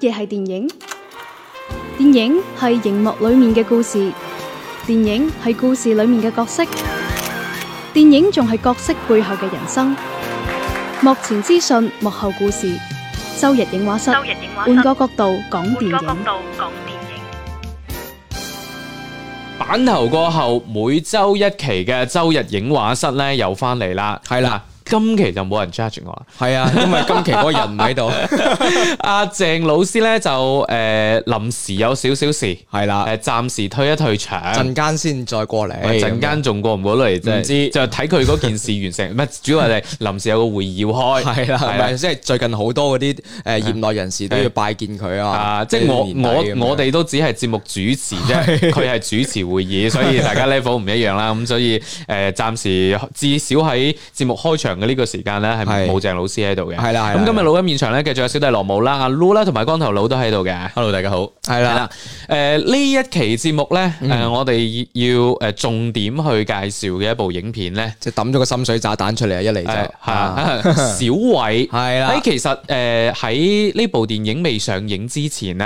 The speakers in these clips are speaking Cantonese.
嘢係電影，電影係熒幕裏面嘅故事，電影係故事裏面嘅角色，電影仲係角色背後嘅人生。幕前資訊，幕後故事，周日映畫室，換個角度講電影。版頭過後，每周一期嘅周日映畫室呢又翻嚟啦，係啦。今期就冇人 judge 我啦，係啊，因為今期嗰個人唔喺度。阿鄭老師咧就誒臨時有少少事，係啦，誒暫時退一退場，陣間先再過嚟，陣間仲過唔過到嚟，真係。唔知就睇佢嗰件事完成，唔係，主要係臨時有個會議要開，係啦，係咪？即係最近好多嗰啲誒業內人士都要拜見佢啊，即係我我我哋都只係節目主持啫，佢係主持會議，所以大家 level 唔一樣啦。咁所以誒暫時至少喺節目開場。呢個時間咧，係冇鄭老師喺度嘅。係啦，咁今日錄音現場咧，繼續有小弟羅姆啦、阿 Loo 啦，同埋光頭佬都喺度嘅。Hello，大家好。係啦，誒呢一期節目咧，誒我哋要誒重點去介紹嘅一部影片咧，即係抌咗個深水炸彈出嚟啊！一嚟就係小偉係啦。喺其實誒喺呢部電影未上映之前咧，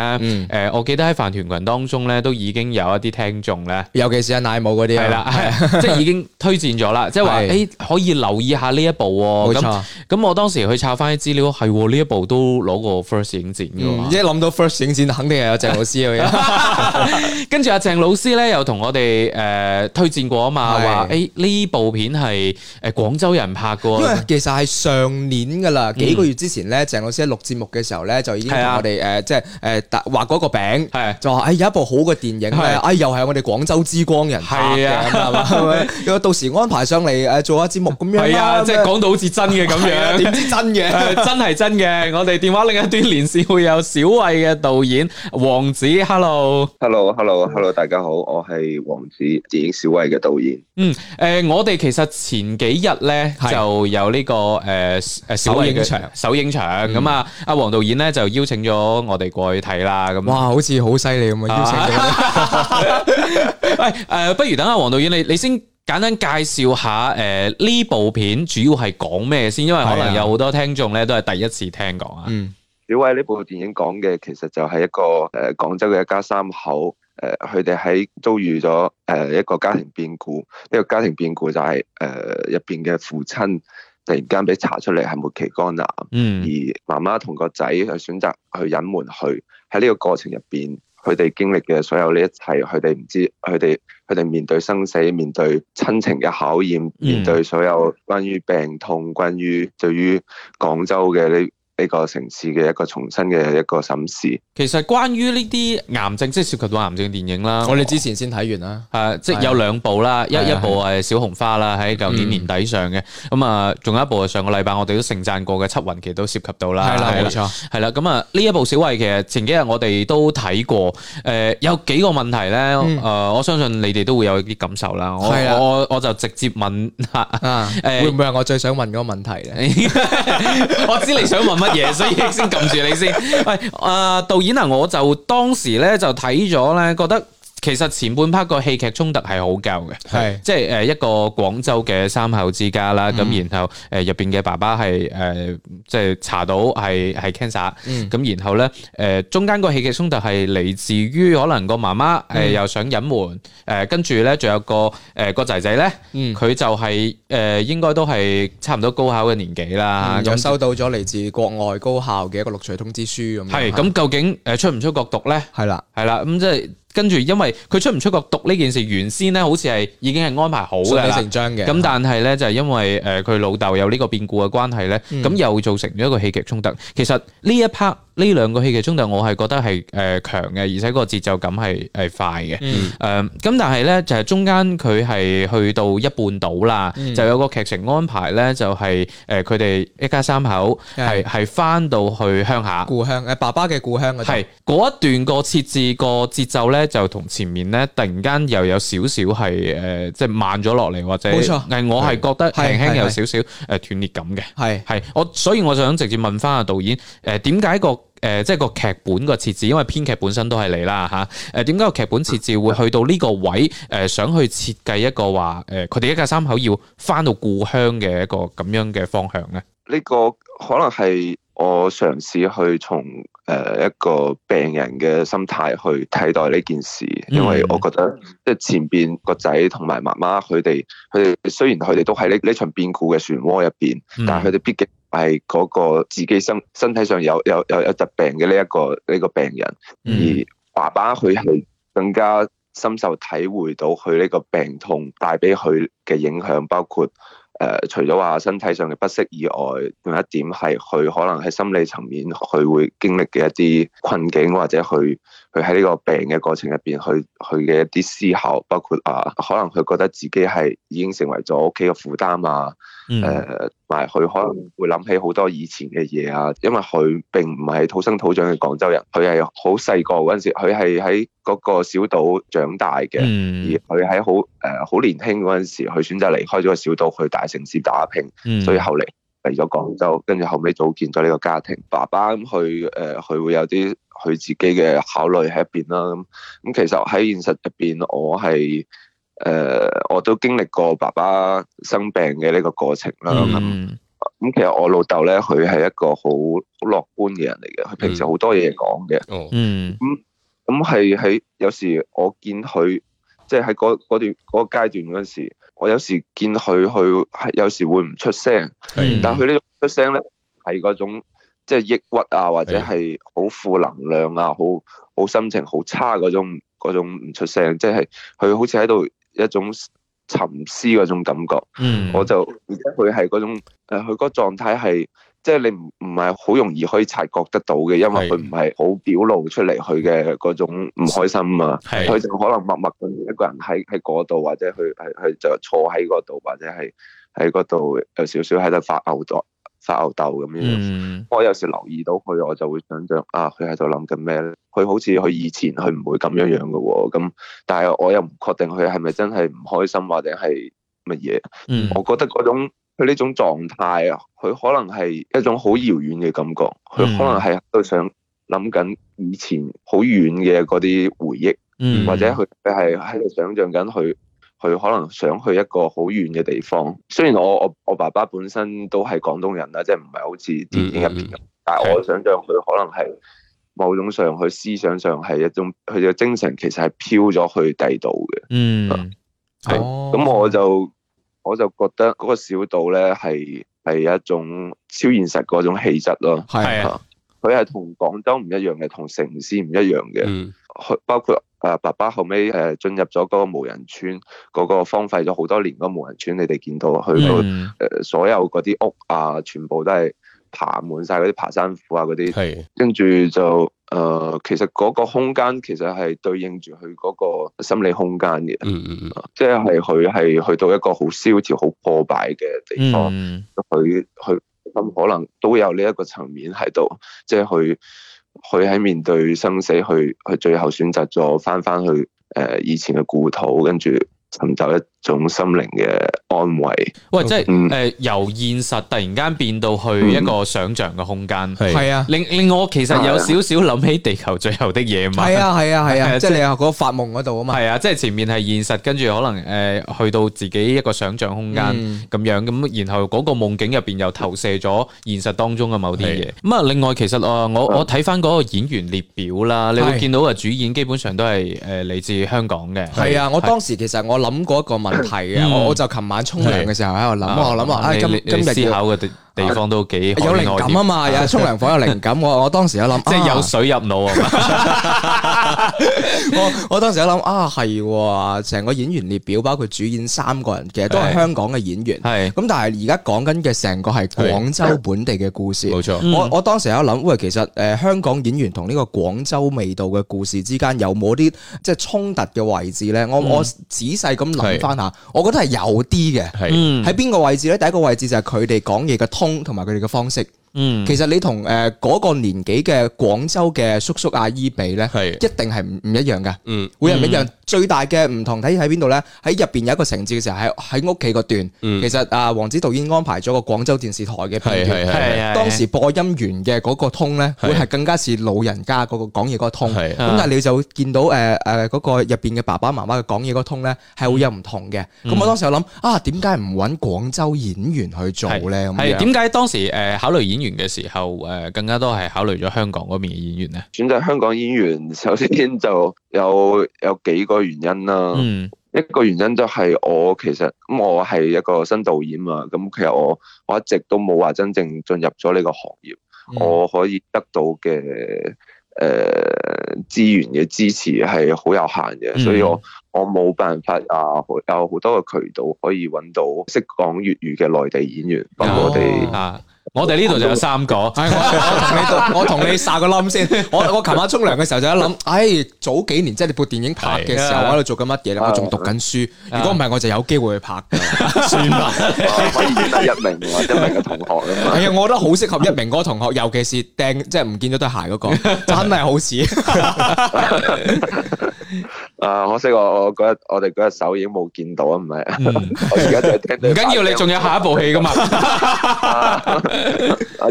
誒我記得喺飯團群當中咧，都已經有一啲聽眾咧，尤其是阿奶母嗰啲係啦，即係已經推薦咗啦，即係話誒可以留意下呢一部冇錯。咁我當時去查翻啲資料，係呢一部都攞過 first 影展嘅。一諗到 first 影展，肯定係有鄭老師嘅。跟住阿鄭老師咧，又同我哋誒推薦過啊嘛，話誒呢部片係誒廣州人拍嘅。因為其實係上年噶啦，幾個月之前咧，鄭老師喺錄節目嘅時候咧，就已經同我哋誒即係誒畫過一個餅，係就話有一部好嘅電影，係誒又係我哋廣州之光人拍嘅，咁啊，到時安排上嚟誒做下節目咁樣。係啊，即係。講到好似真嘅咁樣，點、 啊、知真嘅、 呃？真係真嘅。我哋電話另一端連線會有小偉嘅導演黃梓，hello，hello，hello，hello，hello, hello, hello, 大家好，我係黃梓，電影小偉嘅導演。嗯，誒、呃，我哋其實前幾日咧就有呢、這個誒誒，小偉嘅場首映場咁啊，阿黃是、嗯嗯、導演咧就邀請咗我哋過去睇啦。咁哇，好似好犀利咁啊！邀請咁，誒誒、啊 呃，不如等下黃導演，你你，你先。簡單介紹下誒呢、呃、部片主要係講咩先？因為可能有好多聽眾咧都係第一次聽講啊。小偉呢部電影講嘅其實就係一個誒廣、呃、州嘅一家三口，誒佢哋喺遭遇咗誒、呃、一個家庭變故。呢、呢個家庭變故就係誒入邊嘅父親突然間俾查出嚟係末期肝癌，嗯、而媽媽同個仔去選擇去隱瞞佢喺呢個過程入邊。佢哋經歷嘅所有呢一切，佢哋唔知，佢哋佢哋面對生死，面對親情嘅考驗，Yeah. 面對所有關於病痛，關於對於廣州嘅呢，呢個城市嘅一個重新嘅一個審視。其實關於呢啲癌症，即係涉及到癌症嘅電影啦。我哋之前先睇完啦，誒，即係有兩部啦，一一部係小紅花啦，喺舊年年底上嘅。咁啊，仲有一部係上個禮拜我哋都盛讚過嘅《緝魂》，其實都涉及到啦。係啦，冇錯。係啦，咁啊，呢一部小偉其實前幾日我哋都睇過。誒，有幾個問題咧，誒，我相信你哋都會有啲感受啦。我我我就直接問，誒，會唔會係我最想問嗰個問題咧？我知你想問乜？嘢，所以先撳住你先。喂， 啊，導演啊，我就當時呢就睇咗呢，覺得。其實前半 part 個戲劇衝突係好夠嘅，係即係誒一個廣州嘅三口之家啦，咁然後誒入邊嘅爸爸係誒即係查到係係 cancer，咁然後咧誒中間個戲劇衝突係嚟自於可能個媽媽誒又想隱瞞，誒跟住咧仲有個誒個仔仔咧，佢就係誒應該都係差唔多高考嘅年紀啦，又收到咗嚟自國外高校嘅一個錄取通知書咁，係咁究竟誒出唔出國讀咧？係啦係啦，咁即係。跟住，因為佢出唔出國讀呢件事，原先呢好似係已經係安排好嘅啦。順理成章嘅。咁但係呢，就係因為誒佢老豆有呢個變故嘅關係呢，咁又造成咗一個戲劇衝突。其實呢一 part。呢兩個戲嘅中度，我係覺得係誒強嘅，而且個節奏感係係快嘅。誒咁、嗯，但係咧就係中間佢係去到一半度啦，嗯、就有個劇情安排咧，就係誒佢哋一家三口係係翻到去鄉下故鄉誒爸爸嘅故鄉。係嗰一段個設置個節奏咧，就同前面咧突然間又有少少係誒即係慢咗落嚟，或者冇錯。誒錯我係覺得輕輕有少少誒斷裂感嘅。係，係我所以我就想直接問翻阿導演誒點解個？誒、呃，即係個劇本個設置，因為編劇本身都係你啦，吓、啊、誒，點解個劇本設置會去到呢個位？誒、呃，想去設計一個話，誒、呃，佢哋一家三口要翻到故鄉嘅一個咁樣嘅方向咧？呢個可能係我嘗試去從誒一個病人嘅心態去睇待呢件事，因為我覺得即係前邊個仔同埋媽媽佢哋，佢哋雖然佢哋都喺呢呢場變故嘅漩渦入邊，嗯、但係佢哋必經。係嗰個自己身身體上有有有有疾病嘅呢一個呢、呢個病人，嗯、而爸爸佢係更加深受體會到佢呢個病痛帶俾佢嘅影響，包括誒、呃、除咗話身體上嘅不適以外，另一點係佢可能喺心理層面佢會經歷嘅一啲困境，或者去。佢喺呢個病嘅過程入邊，佢佢嘅一啲思考，包括啊，可能佢覺得自己係已經成為咗屋企嘅負擔啊，誒、嗯，同埋佢、呃、可能會諗起好多以前嘅嘢啊，因為佢並唔係土生土長嘅廣州人，佢係好細個嗰陣時，佢係喺嗰個小島長大嘅，嗯、而佢喺好誒好年輕嗰陣時，佢選擇離開咗個小島去大城市打拼，嗯、所以後嚟嚟咗廣州，跟住後尾，組建咗呢個家庭。爸爸佢誒佢會有啲。佢自己嘅考慮喺入邊啦，咁咁其實喺現實入邊，我係誒、呃、我都經歷過爸爸生病嘅呢個過程啦。咁、mm hmm. 其實我老豆咧，佢係一個好好樂觀嘅人嚟嘅，佢平時好多嘢講嘅。Mm hmm. Oh. 嗯，咁咁係喺有時我見佢，即係喺嗰段嗰個階段嗰陣時，我有時見佢去係有時會唔出聲，mm hmm. 但係佢呢出聲咧係嗰種。即係抑鬱啊，或者係好負能量啊，好好心情好差嗰種嗰種唔出聲，即係佢好似喺度一種沉思嗰種感覺。嗯，我就而且佢係嗰種呃、佢嗰狀態係即係你唔唔係好容易可以察覺得到嘅，因為佢唔係好表露出嚟佢嘅嗰種唔開心啊。係，佢就可能默默咁一個人喺喺嗰度，或者佢係係就坐喺嗰度，或者係喺嗰度有少少喺度發吽哣。發吽豆咁樣，嗯、我有時留意到佢，我就會想象啊，佢喺度諗緊咩咧？佢好似佢以前佢唔會咁樣樣嘅喎，咁但係我又唔確定佢係咪真係唔開心或者係乜嘢？嗯、我覺得嗰種佢呢種狀態啊，佢可能係一種好遙遠嘅感覺，佢可能係喺度想諗緊以前好遠嘅嗰啲回憶，嗯、或者佢係喺度想象緊佢。佢可能想去一個好遠嘅地方，雖然我我我爸爸本身都係廣東人啦，即係唔係好似電影入面咁，嗯嗯、但係我想象佢可能係某種上佢思想上係一種佢嘅精神其實係漂咗去第度嘅，嗯，係、哦。咁我就我就覺得嗰個小島咧係係一種超現實嗰種氣質咯，係啊、嗯，佢係同廣州唔一樣嘅，同城市唔一樣嘅。嗯去包括啊，爸爸後尾誒進入咗嗰個無人村，嗰、嗰個荒廢咗好多年嗰無人村，你哋見到去到誒所有嗰啲屋啊，全部都係爬滿晒嗰啲爬山虎啊嗰啲，的跟住就誒、呃、其實嗰個空間其實係對應住佢嗰個心理空間嘅，嗯、即係佢係去到一個好蕭條、好破敗嘅地方，佢佢心可能都有呢一個層面喺度，即係去。佢喺面對生死，去去最後選擇咗翻返去誒以前嘅故土，跟住，尋找一種心靈嘅安慰，喂，即係誒，由現實突然間變到去一個想象嘅空間，係啊，令令我其實有少少諗起地球最後的夜晚，係啊係啊係啊，即係你嗰個發夢嗰度啊嘛，係啊，即係前面係現實，跟住可能誒去到自己一個想象空間咁樣，咁然後嗰個夢境入邊又投射咗現實當中嘅某啲嘢，咁啊，另外其實啊，我我睇翻嗰個演員列表，啦，你會見到啊，主演基本上都係誒嚟自香港嘅，係啊，我當時其實我。諗過一個問題嘅、嗯，我我就琴晚沖涼嘅時候喺度諗啊，我諗啊，今今日思考地方都幾有靈感啊嘛，又係沖涼房有靈感。我我當時一諗，即係有水入腦啊。我我當時一諗，啊係，成個演員列表，包括主演三個人，其實都係香港嘅演員。係咁，但係而家講緊嘅成個係廣州本地嘅故事。冇錯。我我當時一諗，喂，其實誒香港演員同呢個廣州味道嘅故事之間有冇啲即係衝突嘅位置咧？我我仔細咁諗翻下，我覺得係有啲嘅。係喺邊個位置咧？第一個位置就係佢哋講嘢嘅。空同埋佢哋嘅方式。嗯，其實你同誒嗰個年紀嘅廣州嘅叔叔阿姨比咧，係一定係唔唔一樣嘅。嗯，會有唔一樣。最大嘅唔同體現喺邊度咧？喺入邊有一個情節嘅時候，喺喺屋企個段。嗯，其實啊，黃梓導演安排咗個廣州電視台嘅片段，係係係係。當時播音員嘅嗰個通咧，會係更加似老人家嗰個講嘢嗰個通。係，咁但係你就會見到誒誒嗰個入邊嘅爸爸媽媽嘅講嘢嗰個通咧，係會有唔同嘅。咁我當時我諗啊，點解唔揾廣州演員去做咧？係點解當時誒考慮演演員嘅時候，誒、呃，更加多係考慮咗香港嗰邊嘅演員咧。選擇香港演員，首先就有有幾個原因啦。嗯，一個原因就係我其實咁、嗯，我係一個新導演啊。咁、嗯嗯、其實我我一直都冇話真正進入咗呢個行業，嗯、我可以得到嘅誒資源嘅支持係好有限嘅，嗯、所以我我冇辦法啊，有好多個渠道可以揾到識講粵語嘅內地演員咁我哋啊、嗯。嗯我哋呢度就有三個， 我同你我同你晒個冧先。我我琴晚沖涼嘅時候就一諗，哎，早幾年即係、就是、你部電影拍嘅時候我，我喺度做緊乜嘢？咧？我仲讀緊書。如果唔係，啊、我就有機會去拍。 算啦了，可以得一名或者一名嘅同學。係啊，我覺得好適合一名嗰個同學，尤其是掟即係唔見咗對鞋嗰、那個，真係好似。 啊！可惜我我嗰日我哋嗰日首影冇見到啊，唔係，嗯、 我而家就聽唔 緊要，你仲有下一部戲㗎嘛？ 啊！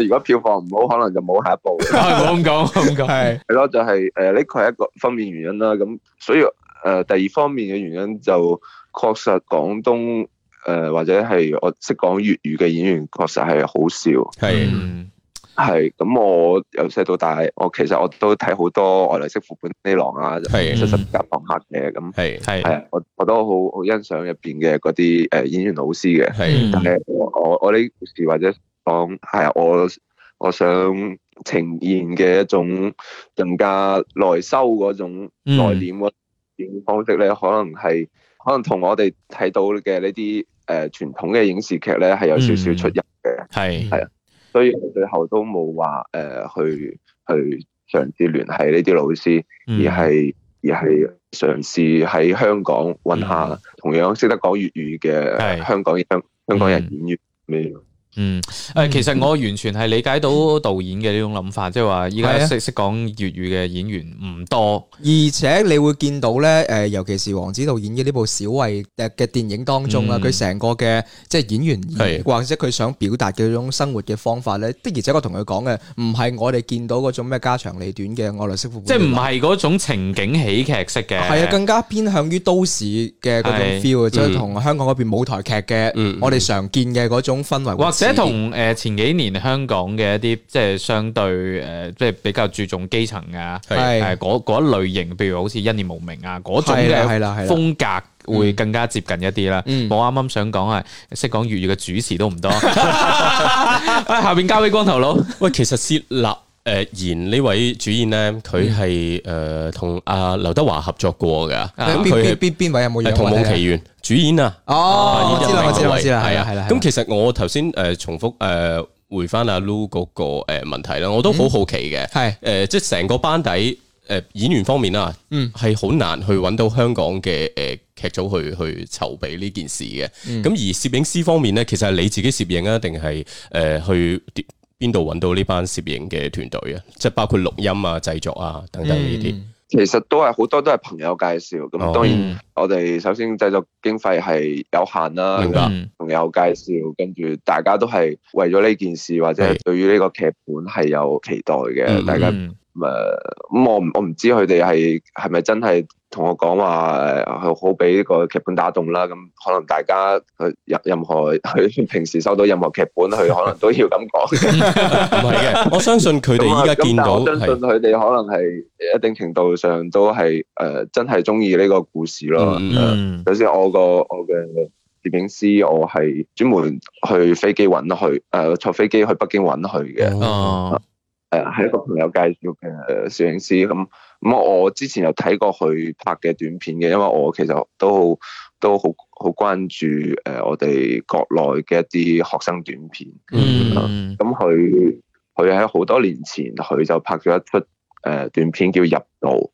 如果票房唔好，可能就冇下一部。唔好咁講，咁講。係係咯，就係誒呢個係一個方面原因啦。咁所以誒、呃、第二方面嘅原因就確實廣東誒、呃、或者係我識講粵語嘅演員確實係好少。係的。嗯係咁，我由細到大，我其實都是七七我都睇好多外來媳婦本地郎啊，七十家房客嘅，咁，係係啊，我我都好好欣賞入邊嘅嗰啲誒演員老師嘅，係是，但係我我呢故事或者講係啊，我我想呈現嘅一種更加內收嗰種內斂嗰種方式咧，嗯，可能係可能同我哋睇到嘅呢啲誒傳統嘅影視劇咧係有少，少少出入嘅，係係啊。所以我最後都冇話誒去去嘗試聯繫呢啲老師，而係而係嘗試喺香港揾下同樣識得講粵語嘅香港香港人演員咩？嗯嗯，誒，其實我完全係理解到導演嘅呢種諗法，即係話依家識識講粵語嘅演員唔多，而且你會見到咧，誒，尤其是黃梓導演嘅呢部小偉嘅電影當中啦，佢成個嘅即係演員，或者佢想表達嘅種生活嘅方法咧，的而且確同佢講嘅唔係我哋見到嗰種咩家長裏短嘅外來媳婦，即係唔係嗰種情景喜劇式嘅，係啊，更加偏向於都市嘅嗰種 feel，即係同香港嗰邊舞台劇嘅，我哋常見嘅嗰種氛圍。即係同誒前幾年香港嘅一啲即係相對誒，即、呃、係比較注重基層啊，係誒嗰一類型，譬如好似一念無明啊嗰種嘅係啦，係啦，風格會更加接近一啲啦。嗯、我啱啱想講係識講粵語嘅主持都唔多，啊， 下邊交俾光頭佬。喂，其實設立。 誒，而呢位主演咧，佢係誒同阿劉德華合作過噶。咁邊邊位有冇？《童夢奇緣》主演啊！哦，我知啦，我知我知啦，係啊，係啦。咁其實我頭先誒重複誒回翻阿 Lu 嗰個誒問題啦，我都好好奇嘅。係誒，即係成個班底誒演員方面啊，嗯，係好難去揾到香港嘅誒劇組去去籌備呢件事嘅。咁而攝影師方面咧，其實係你自己攝影啊，定係誒去？邊度揾到呢班攝影嘅團隊啊？即係包括錄音啊、製作啊等等呢啲，嗯、其實都係好多都係朋友介紹。咁當然，我哋首先製作經費係有限啦。嗯、朋友介紹，跟住大家都係為咗呢件事或者對於呢個劇本係有期待嘅，嗯、大家、嗯。嗯咁誒咁我唔我唔知佢哋係係咪真係同我講話係好俾呢個劇本打動啦？咁、嗯、可能大家佢任任何佢平時收到任何劇本，佢 可能都要咁講，唔係嘅。我相信佢哋依家見到，我相信佢哋可能係一定程度上都係誒、呃、真係中意呢個故事咯。首先、嗯嗯呃，我個我嘅攝影師，我係專門去飛機揾佢誒，坐飛機去北京揾佢嘅。嗯嗯。誒，係一個朋友介紹嘅、誒攝影師咁咁，我之前有睇過佢拍嘅短片嘅，因為我其實都都好好關注誒，我哋國內嘅一啲學生短片。嗯，咁佢佢喺好多年前，佢就拍咗一出誒短片叫《入道》，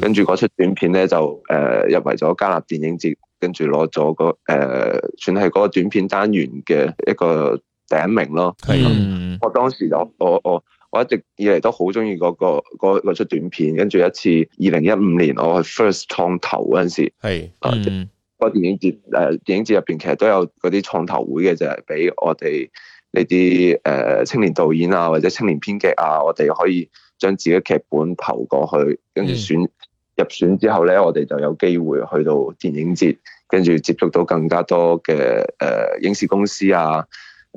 跟住嗰出短片咧就誒、呃、入圍咗戛納電影節，跟住攞咗個誒、呃，算係嗰個短片單元嘅一個第一名咯。係、嗯、啊、我當時就我我。我我一直以嚟都好中意嗰個嗰嗰、那個那個、出短片，跟住一次二零一五年我去 First 創投嗰陣時，嗯、啊個、嗯、電影節誒、呃、電影節入邊其實都有嗰啲創投會嘅，就係、是、俾我哋呢啲誒青年導演啊或者青年編劇啊，我哋可以將自己劇本投過去，跟住選、嗯、入選之後咧，我哋就有機會去到電影節，跟住接觸到更加多嘅誒、呃呃、影視公司啊。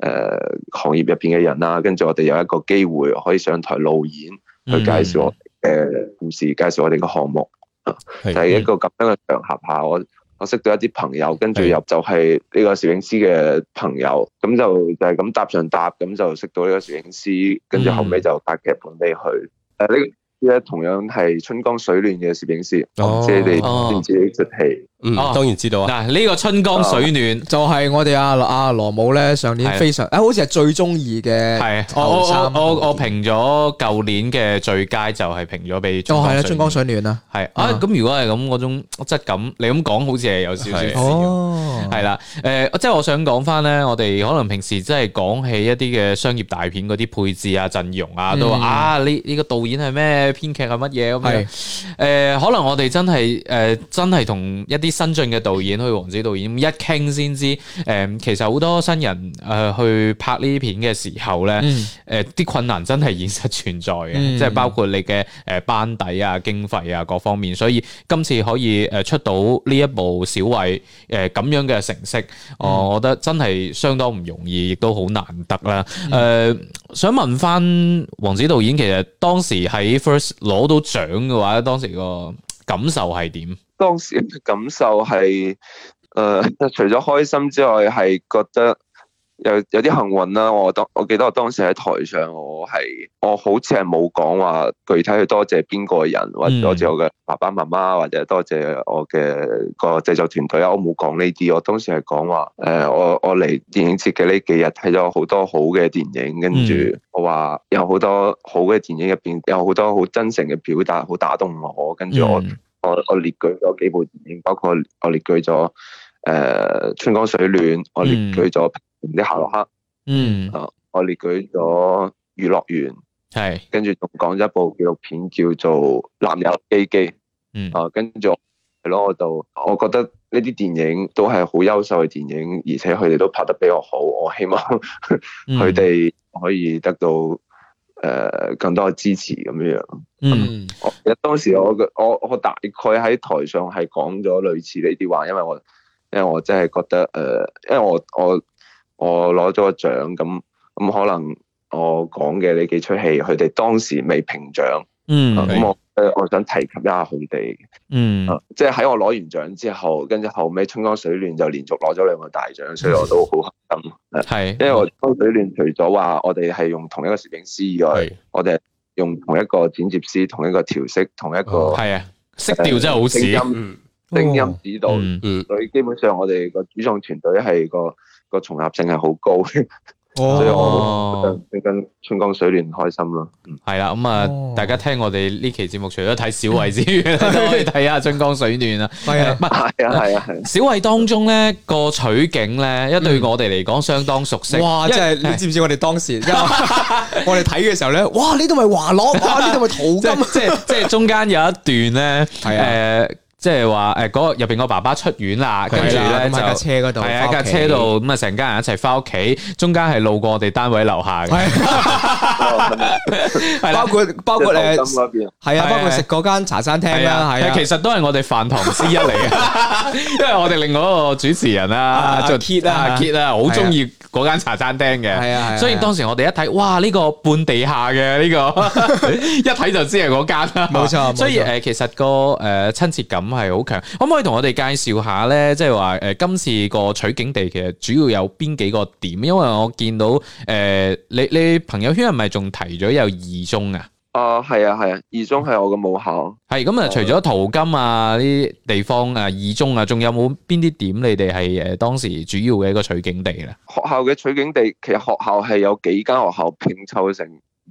誒、呃、行業入邊嘅人啦，跟住我哋有一個機會可以上台路演，嗯、去介紹我誒故事，介紹我哋嘅項目，的就係一個咁樣嘅場合下，我我識到一啲朋友，跟住入就係呢個攝影師嘅朋友，咁的就就係咁搭上搭，咁就識到呢個攝影師，跟住、嗯、後尾就拍劇本俾佢。誒、呃、呢、呢個師同樣係春江水暖嘅攝影師，唔知、哦、你點接觸佢？哦嗯，當然知道啊！嗱，呢個春江水暖就係我哋阿阿羅姆咧上年非常誒，好似係最中意嘅。係，我我我評咗舊年嘅最佳就係評咗俾哦係啦，春江水暖啊！係啊，咁如果係咁種質感，你咁講好似係有少少。係啦，誒，即係我想講翻咧，我哋可能平時即係講起一啲嘅商業大片啲配置啊、陣容啊，都話啊呢呢個導演係咩？編劇係乜嘢咁係誒，可能我哋真係誒真係同一啲。新晉嘅導演，去黃梓導演，一傾先知，誒，其實好多新人誒、呃、去拍呢啲片嘅時候咧，誒、嗯，啲、呃、困難真係現實存在嘅，嗯、即係包括你嘅誒班底啊、經費啊各方面，所以今次可以誒出到呢一部小偉誒咁樣嘅成績，嗯、我覺得真係相當唔容易，亦都好難得啦。誒、嗯呃，想問翻黃梓導演，其實當時喺 First 攞到獎嘅話，當時個感受係點？當時嘅感受係，誒、呃、除咗開心之外，係覺得有有啲幸運啦。我當我記得，我當時喺台上我，我係我好似係冇講話具體去多謝邊個人，或多謝我嘅爸爸媽媽，或者多謝我嘅個製作團隊啊。我冇講呢啲，我當時係講話誒，我我嚟電影節嘅呢幾日睇咗好多好嘅電影，跟住我話有好多好嘅電影入邊有好多好真誠嘅表達，好打動我，跟住我。嗯我我列舉咗幾部電影，包括我列舉咗誒、呃《春江水暖》嗯，我列舉咗《平田的夏洛克》，嗯，啊，我列舉咗《娛樂園》，係是，跟住仲講一部紀錄片叫做《男友 A 機，機》，嗯，啊，跟住係咯，我就我覺得呢啲電影都係好優秀嘅電影，而且佢哋都拍得比我好，我希望佢哋可以得到。誒、呃、更多嘅支持咁樣樣，嗯，我、嗯、當時我我我大概喺台上係講咗類似呢啲話，因為我因為我真係覺得誒、呃，因為我我我攞咗個獎，咁咁可能我講嘅呢幾出戲，佢哋當時未評獎，嗯，咁我。我想提及一下佢哋，嗯，呃、即係喺我攞完獎之後，跟住後尾春江水暖就連續攞咗兩個大獎，所以我都好開心。係、嗯，因為我春江水暖除咗話我哋係用同一個攝影師以外，是我哋用同一個剪接師、同一個調色、同一個係、嗯、啊，呃、色調真係好似聲音，聲音指導，嗯嗯嗯、所以基本上我哋個主創團隊係個個重合性係好高。 哦、所以我春江水暖開心咯，係啦咁啊！大家聽我哋呢期節目，除咗睇小偉之外，都睇下春江水暖啊。係啊的，係啊、嗯，係啊！小偉當中咧個取景咧，一對我哋嚟講相當熟悉。嗯、哇！即係你知唔知我哋當時的因為我哋睇嘅時候咧，哇！呢度咪華樂，哇！呢度咪淘金。即係即係中間有一段咧係誒。的即係話誒嗰入邊個面爸爸出院啦，的跟住咧，架車度，係啊，架車度，咁啊成家人一齊翻屋企，中間係路過我哋單位樓下。的 包括包括誒，係啊，包括食嗰間茶餐廳啦，係啊，其實都係我哋飯堂之一嚟嘅，因為我哋另外一個主持人啊，阿杰啊，杰啊，好中意嗰間茶餐廳嘅，係啊，所以當時我哋一睇，哇，呢個半地下嘅呢個，一睇就知係嗰間啦，冇錯。所以誒，其實個誒親切感係好強，可唔可以同我哋介紹下咧？即係話誒，今次個取景地其實主要有邊幾個點？因為我見到誒，你你朋友圈係咪仲？提咗有二中啊，哦、啊，係啊係啊，二中係我嘅母校。係咁、嗯嗯、啊，除咗淘金啊呢啲地方啊，二中啊，仲有冇邊啲點你哋係誒當時主要嘅一個取景地咧？學校嘅取景地，其實學校係有幾間學校拼湊成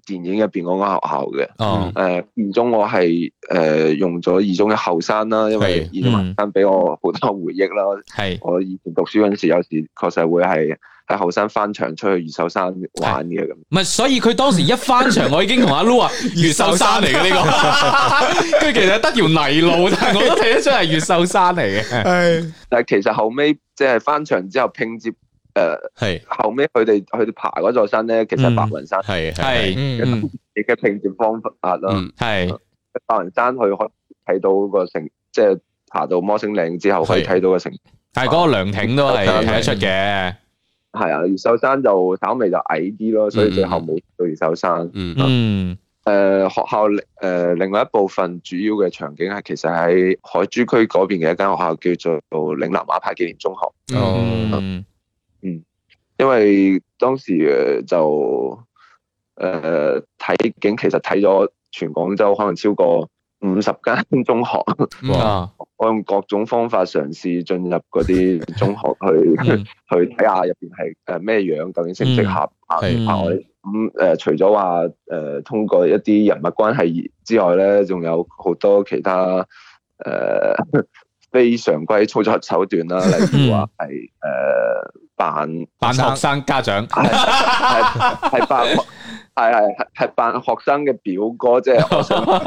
電影入邊嗰間學校嘅。哦、嗯，誒、呃，中呃、二中我係誒用咗二中嘅後山啦，因為二中後山俾我好多回憶啦。係、嗯，我以前讀書嗰陣時，有時確實是會係。喺後生翻牆出去越秀山玩嘅。咁，唔係，所以佢當時一翻牆，我已經同阿 Loo 啊，越秀山嚟嘅呢個，佢其實得條泥路，但係我都睇得出係越秀山嚟嘅。但係其實後尾，即係翻牆之後拼接，誒係後尾佢哋去爬嗰座山咧，其實白雲山係係，嗯，你嘅拼接方法咯，係白雲山去可睇到個城，即係爬到摩星嶺之後可以睇到個城，但係嗰個涼亭都係睇得出嘅。係啊，越秀山就稍微就矮啲咯，所以最後冇到越秀山。Mm hmm. 嗯，誒、嗯呃、學校誒、呃、另外一部分主要嘅場景係其實喺海珠區嗰邊嘅一間學校叫做嶺南畫派紀念中學。哦、mm，hmm. 嗯，因為當時就誒睇、呃、景，其實睇咗全廣州可能超過，五十間中學，我、嗯啊、 用各種方法嘗試進入嗰啲中學去、嗯、去睇下入邊係誒咩樣，究竟適唔適合啊？咁誒、嗯呃、除咗話誒通過一啲人脈關係之外咧，仲有好多其他誒、呃、非常規操作手段啦，例如話係誒扮學生家長，係係扮。係係係扮學生嘅表哥，即、就、係、是、我想講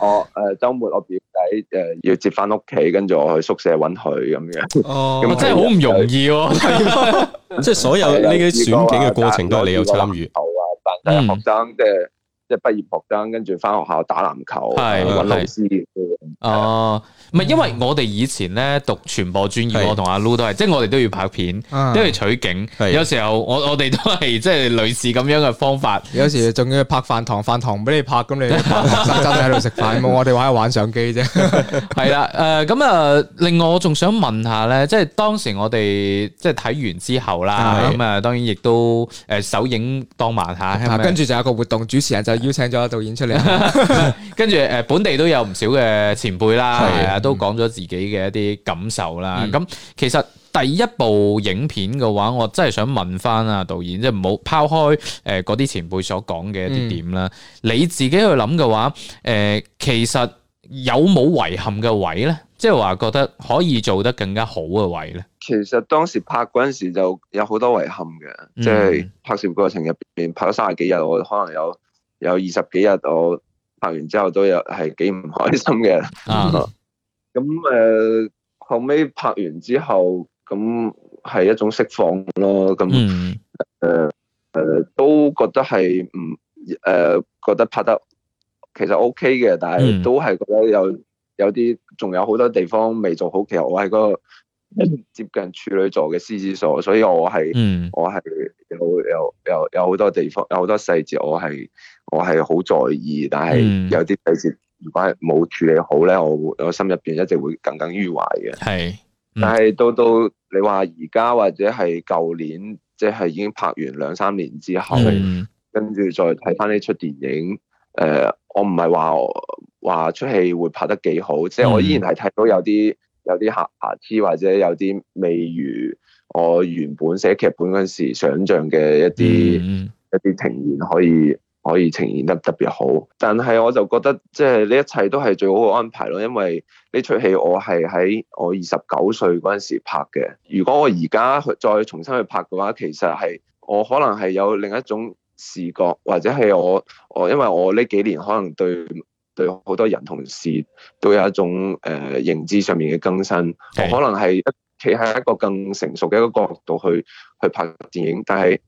我誒週、呃、末我表弟誒、呃、要接翻屋企，跟住我去宿舍揾佢咁樣。哦，嗯、實真係好唔容易喎！即係所有呢啲 選景嘅過程都係你有參與。有啊、嗯，扮學生即係。就是即係畢業學生，跟住翻學校打籃球，係搵是老師嘅哦。唔係、嗯，是因為我哋以前咧讀傳播專業，我同阿 Lu 都係，是即係我哋都要拍片，都要、嗯、取景。是有時候我我哋都係即係類似咁樣嘅方法。有時仲要拍飯堂，飯堂唔俾你拍，咁你學喺度食飯，冇 我哋玩玩相機啫。係 啦，誒，咁啊，另外我仲想問下咧，即係當時我哋即係睇完之後啦，咁啊、嗯嗯，當然亦都誒首映當晚吓，是是跟住就有個活動，主持人就。邀請咗導演出嚟， 跟住誒本地都有唔少嘅前輩啦，的都講咗自己嘅一啲感受啦。咁、嗯、其實第一部影片嘅話，我真係想問翻啊導演，即係唔好拋開誒嗰啲前輩所講嘅一啲點啦，嗯、你自己去諗嘅話，誒、呃、其實有冇遺憾嘅位咧？即係話覺得可以做得更加好嘅位咧？其實當時拍嗰陣時就有好多遺憾嘅，即係、嗯、拍攝過程入邊拍咗三十幾日，我可能有。有二十幾日，我拍完之後都有係幾唔開心嘅。啊，咁誒後尾拍完之後，咁係一種釋放咯。咁誒誒都覺得係唔誒覺得拍得其實 OK 嘅，但係都係覺得有有啲仲有好多地方未做好。其實我係個接近處女座嘅獅子座，所以我係我係有有有有好多地方有好多細節我，我係。我係好在意，但係有啲細節如果係冇處理好咧，我會我心入邊一直會耿耿於懷嘅。係，嗯、但係到到你話而家或者係舊年，即係已經拍完兩三年之後，嗯、跟住再睇翻呢出電影，誒、呃，我唔係話話出戲會拍得幾好，即係我依然係睇到有啲、嗯、有啲瑕疵或者有啲未如我原本寫劇本嗰陣時想象嘅一啲一啲情節可以。嗯嗯可以呈現得特別好，但係我就覺得即係呢一切都係最好嘅安排咯。因為呢出戲我係喺我二十九歲嗰陣時拍嘅。如果我而家去再重新去拍嘅話，其實係我可能係有另一種視角，或者係我我因為我呢幾年可能對對好多人同事都有一種誒、呃、認知上面嘅更新。的我可能係企喺一個更成熟嘅一個角度去去拍電影。但係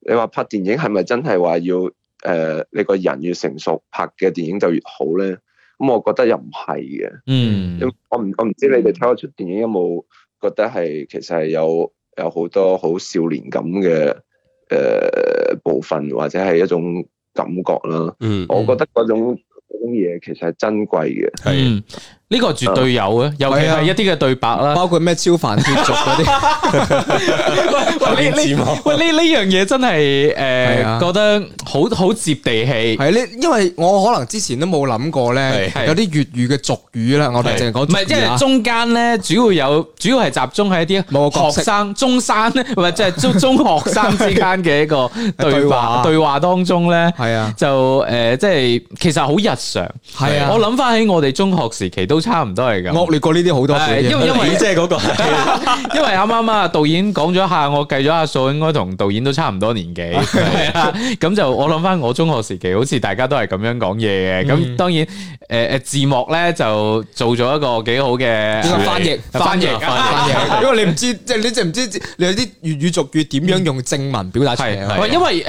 你話拍電影係咪真係話要？誒、呃，你個人越成熟，拍嘅電影就越好咧。咁、嗯、我覺得又唔係嘅。嗯，我唔我唔知你哋睇嗰出電影有冇覺得係，其實係有有好多好少年感嘅誒部分，或者係一種感覺啦。嗯，嗯我覺得嗰種種嘢其實係珍貴嘅。係、嗯。呢個絕對有嘅，尤其係一啲嘅對白啦，包括咩超凡脱俗啲。喂呢呢，喂呢呢樣嘢真係誒覺得好好接地氣。係呢，因為我可能之前都冇諗過咧，有啲粵語嘅俗語啦。我哋淨係講唔係，即係中間咧，主要有主要係集中喺一啲學生、中山中生咧，唔係即係中中學生之間嘅一個對話對話當中咧。係啊，就誒即係其實好日常。係啊，我諗翻起我哋中學時期都都差唔多嚟噶，惡劣過呢啲好多。係，因為因為姐嗰個，因為啱啱啊，導演講咗下，我計咗下數，應該同導演都差唔多年紀。係啊，咁就我諗翻我中學時期，好似大家都係咁樣講嘢嘅。咁當然，誒誒字幕咧就做咗一個幾好嘅翻譯翻譯翻譯，因為你唔知即係你就唔知你啲粵語俗語點樣用正文表達出嚟。係係，因為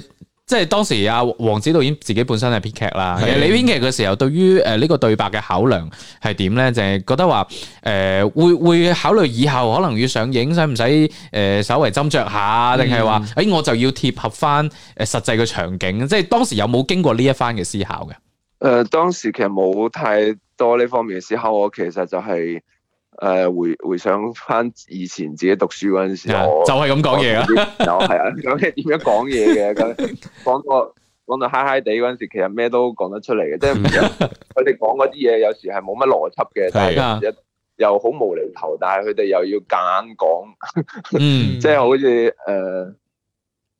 誒。即係當時阿黃梓導演自己本身係編劇啦，的你編劇嘅時候對於誒呢個對白嘅考量係點咧？就係、是、覺得話誒、呃、會會考慮以後可能要上映，使唔使誒稍微斟酌下，定係話誒我就要貼合翻誒實際嘅場景？即係當時有冇經過呢一番嘅思考嘅？誒、呃，當時其實冇太多呢方面嘅思考，我其實就係、是。誒，回回想翻以前自己讀書嗰陣時，就係咁講嘢啊！又係啊，嘢點、 就係、樣講嘢嘅咁講個講到嗨嗨地嗰陣時，其實咩都講得出嚟嘅，即係佢哋講嗰啲嘢，有時係冇乜邏輯嘅，係啊，但又好無厘頭，但係佢哋又要夾硬講，嗯、 即係好似誒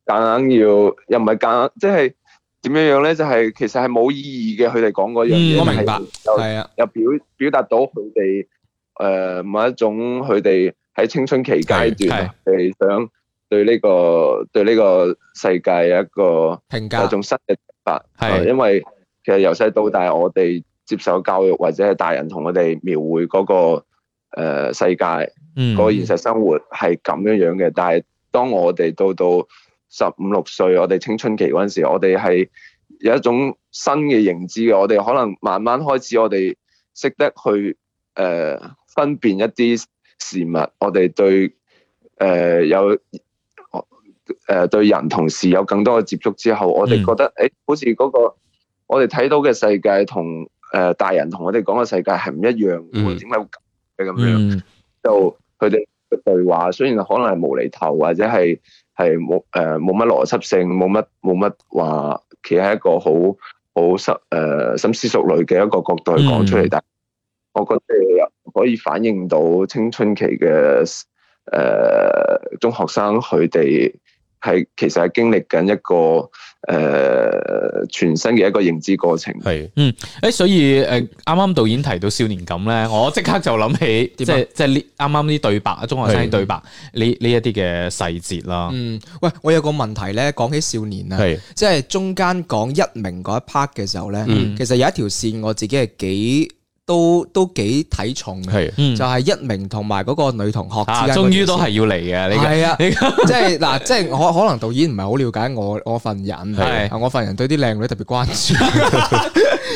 夾硬要，又唔係夾硬，即係點樣樣咧？就係、係、其實係冇意義嘅，佢哋講嗰樣嘢，我明白，係啊，又表表達到佢哋。誒、呃，某一種佢哋喺青春期階段，係想對呢、這個對呢個世界有一個評價家一種新嘅睇法。係是、呃，因為其實由細到大，我哋接受教育或者係大人同我哋描繪嗰、那個誒、呃、世界，個現實生活係咁樣樣嘅。嗯、但係當我哋到到十五六歲，我哋青春期嗰陣時，我哋係有一種新嘅認知嘅。我哋可能慢慢開始，我哋識得去誒、呃分辨一啲事物，我哋對誒、呃、有誒、呃、對人同事有更多嘅接觸之後，我哋覺得、mm hmm. 誒，好似嗰、那個我哋睇到嘅世界同誒、呃、大人同我哋講嘅世界係唔一樣嘅，點解、mm hmm. 會咁樣？Mm hmm. 就佢哋嘅對話雖然可能係無厘頭，或者係係冇誒冇乜邏輯性，冇乜冇乜話，企喺一個好好深誒深思熟慮嘅一個角度去講出嚟，但我覺得。Mm mm 可以反映到青春期嘅誒、呃、中學生佢哋係其實係經歷緊一個誒、呃、全新嘅一個認知過程。係，嗯，誒，所以誒啱啱導演提到少年感咧，我即刻就諗起，麼即係即係啱啱啲對白啊，中學生啲對白呢呢一啲嘅細節啦。是嗯，喂，我有個問題咧，講起少年啊，係是，即係中間講一鳴嗰一 part 嘅時候咧，嗯、其實有一條線我自己係幾，都都幾睇重嘅，嗯、就係一鳴同埋嗰個女同學之間。終於都係要嚟嘅，呢個係啊，啊即係嗱， 即係我可能導演唔係好了解我我份人係，我份人，是我份人對啲靚女特別關注。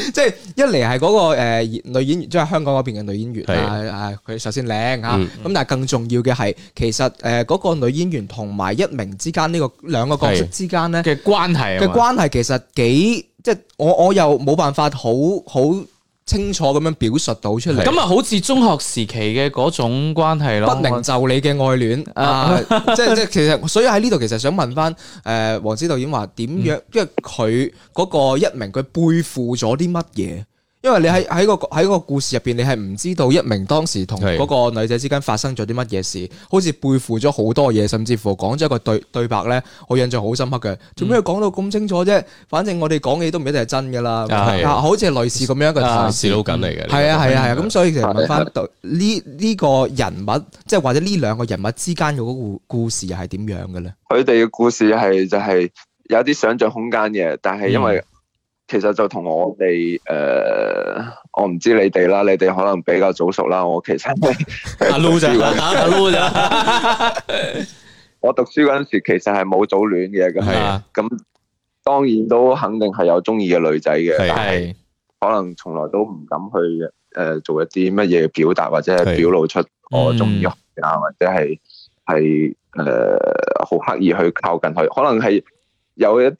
即係一嚟係嗰個誒女演員，即係香港嗰邊嘅女演員是啊，佢首先靚、嗯、啊，咁但係更重要嘅係，其實誒嗰個女演員同埋一鳴之間呢個兩個角色之間咧嘅關係嘅關係，其實幾即係我我，我又冇辦法好好。清楚咁樣表述到出嚟，咁啊好似中學時期嘅嗰種關係咯，不明就理嘅愛戀，啊，啊 呃、即即其實，所以喺呢度其實想問翻，誒、呃，黃梓導演話點樣，嗯、因為佢嗰個一名，佢背負咗啲乜嘢？因為你喺喺個喺個故事入邊，你係唔知道一名當時同嗰個女仔之間發生咗啲乜嘢事，是的 好似背負咗好多嘢，甚至乎講咗一個對對白咧，我印象好深刻嘅。做咩要講到咁清楚啫？反正我哋講嘢都唔一定係真噶啦、啊啊，好似類似咁樣嘅個故事佬緊嚟嘅，係啊係啊，咁所以其實問翻呢呢個人物，即係或者呢兩個人物之間嘅嗰個故事係點樣嘅咧？佢哋嘅故事係就係有啲想象空間嘅，但係因為、嗯。其實就同我哋誒、呃，我唔知你哋啦，你哋可能比較早熟啦。我其實係打撈咋，打下撈咋。我讀書嗰陣時其，其實係冇早戀嘅咁，咁是、啊、當然都肯定係有中意嘅女仔嘅，係是、啊、可能從來都唔敢去誒、呃、做一啲乜嘢表達或者係表露出我中意是啊，或者係係誒好刻意去靠近佢，可能係。有一啲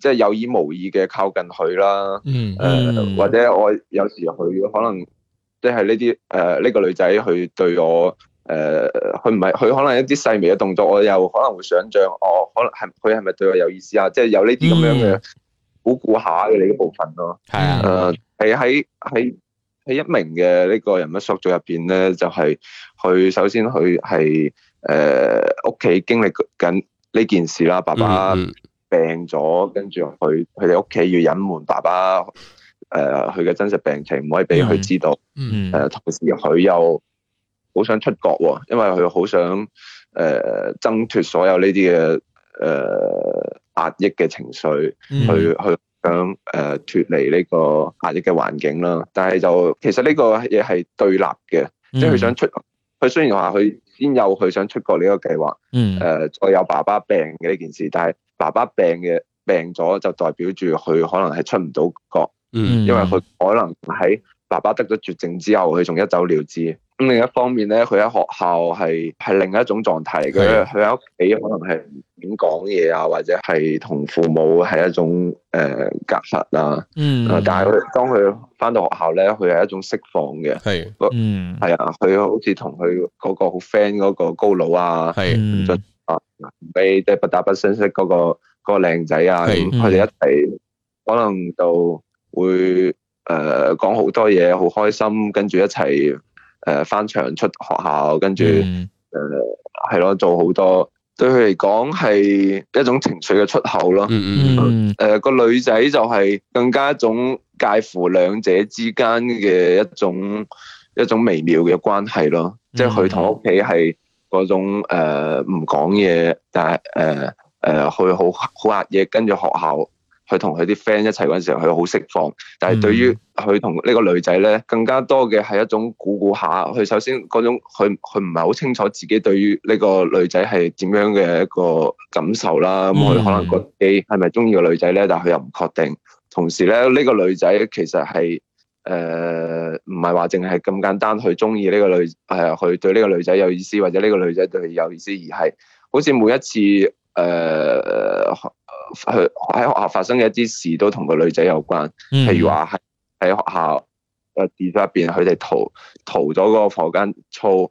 即係有意無意嘅靠近佢啦，誒、嗯嗯呃、或者我有時佢可能即係呢啲誒呢個女仔佢對我誒佢唔係佢可能一啲細微嘅動作，我又可能會想象哦，可能係佢係咪對我有意思啊？即係、嗯、有呢啲咁樣嘅估估下嘅你嘅部分咯。係啊、嗯，誒係喺喺喺一名嘅呢個人物塑造入邊咧，就係、是、佢首先佢係誒屋企經歷緊呢件事啦，爸爸、嗯。嗯病咗，跟住佢佢哋屋企要隱瞞爸爸，誒佢嘅真實病情唔可以俾佢知道。誒、mm hmm. 呃、同時佢又好想出國喎，因為佢好想誒、呃、掙脱所有呢啲嘅誒壓抑嘅情緒，去去、mm hmm. 想誒脱、呃、離呢個壓抑嘅環境啦。但係就其實呢個嘢係對立嘅，mm hmm. 即係佢想出，佢雖然話佢先有佢想出國呢個計劃，誒、mm hmm. 呃、再有爸爸病嘅呢件事，但係。爸爸病嘅病咗就代表住佢可能係出唔到國，嗯，因為佢可能喺爸爸得咗絕症之後，佢仲一走了之。咁另一方面咧，佢喺學校係係另一種狀態嘅，佢喺屋企可能係點講嘢啊，或者係同父母係一種誒隔實啊，嗯，但係佢當佢返到學校咧，佢係一種釋放嘅，係，嗯，係啊，佢好似同佢嗰個好 friend 嗰個高佬啊，係是。嗯啊，俾即係不打不相識嗰個嗰個靚仔啊，佢哋 一齊可能就會誒講好多嘢，好開心，跟住一齊誒翻牆出學校，跟住誒係咯，做好多對佢嚟講係一種情緒嘅出口咯。嗯誒、 呃，個女仔就係更加一種介乎兩者之間嘅一種一種微妙嘅關係咯，即係佢同屋企係。 嗰種唔講嘢，但係誒誒佢好好壓嘢，跟住學校佢同佢啲 friend 一齊嗰陣時候，佢好釋放。但係對於佢同呢個女仔咧，更加多嘅係一種估估下。佢首先嗰種佢佢唔係好清楚自己對於呢個女仔係點樣嘅一個感受啦。咁佢、嗯、可能覺得自己係咪中意個女仔咧？但係佢又唔確定。同時咧，呢、呢個女仔其實係。誒唔係話淨係咁簡單，佢中意呢個女誒，佢、呃、對呢個女仔有意思，或者呢個女仔對佢有意思，而係好似每一次誒，去、呃、喺學校發生嘅一啲事都同個女仔有關。嗯、譬如話喺喺學校嘅地方入邊，佢哋逃逃咗個課間操，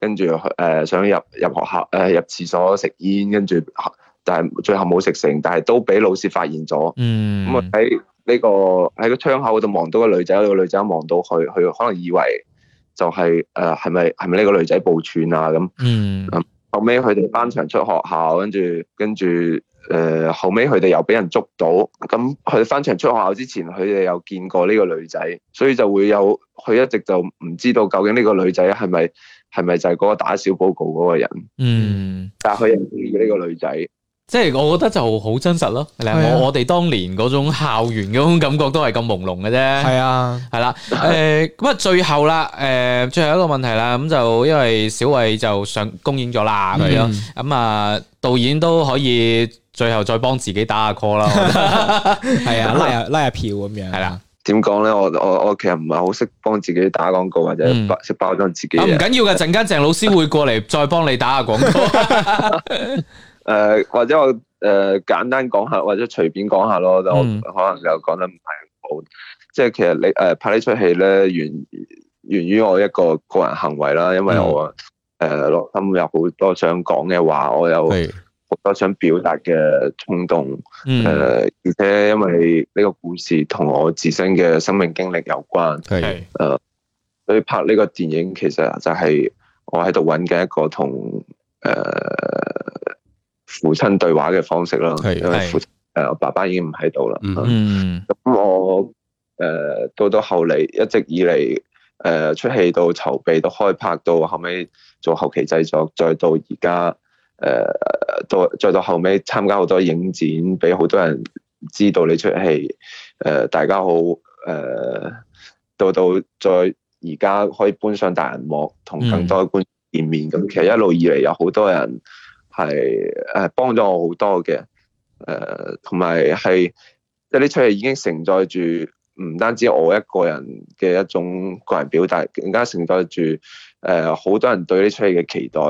跟住誒、呃、想入入學校誒入、呃、廁所食煙，跟住但係最後冇食成，但係都俾老師發現咗。嗯，嗯，咁啊喺。呢個喺個窗口度望到個女仔，個女仔望到佢，佢可能以為就係誒係咪係咪呢個女仔報串啊咁。嗯。後尾佢哋翻牆出學校，跟住跟住誒、呃、後尾佢哋又俾人捉到。咁佢翻牆出學校之前，佢哋有見過呢個女仔，所以就會有佢一直就唔知道究竟呢個女仔係咪係咪就係嗰個打小報告嗰個人。嗯。但係佢又中意呢個女仔。即係我覺得就好真實咯是吧。我哋當年嗰種校園嗰種感覺都係咁朦朧嘅啫。係是啊，係啦。誒，咁啊，最後啦，誒、呃，最後一個問題啦，咁、嗯、就因為小偉就上公映咗啦咁樣。咁啊、嗯嗯嗯，導演都可以最後再幫自己打下 call 啦。係啊， 拉下 拉下票咁樣。係啦的。點講咧？我我我其實唔係好識幫自己打廣告或者識包裝自己、啊嗯。唔緊要嘅，陣間鄭老師會過嚟再幫你打下廣告。誒、呃，或者我誒、呃、簡單講下，或者隨便講下咯，我可能又講得唔係好，即係、嗯、其實你誒、呃、拍出戲呢出戲咧，源源於我一個個人行為啦，因為我誒落心有好多想講嘅話，我有好多想表達嘅衝動，誒是、呃、而且因為呢個故事同我自身嘅生命經歷有關，誒是、呃，所以拍呢個電影其實就係我喺度揾緊一個同誒、呃父親對話嘅方式啦，係係是，因為父親，誒，是啊、我爸爸已經唔喺度啦。嗯，咁、啊、我誒、呃、到到後嚟一直以嚟，誒、呃、出戲到籌備到開拍到後尾做後期製作，再到而家誒到再到後尾參加好多影展，俾好多人知道你出戲。誒、呃，大家好，誒、呃，到到再而家可以搬上大銀幕，同更多觀眾見面。咁、嗯嗯、其實一路以嚟有好多人。係誒幫咗我好多嘅，誒同埋係即係呢出戲已經承載住唔單止我一個人嘅一種個人表達，更加承載住誒好多人對呢出戲嘅期待，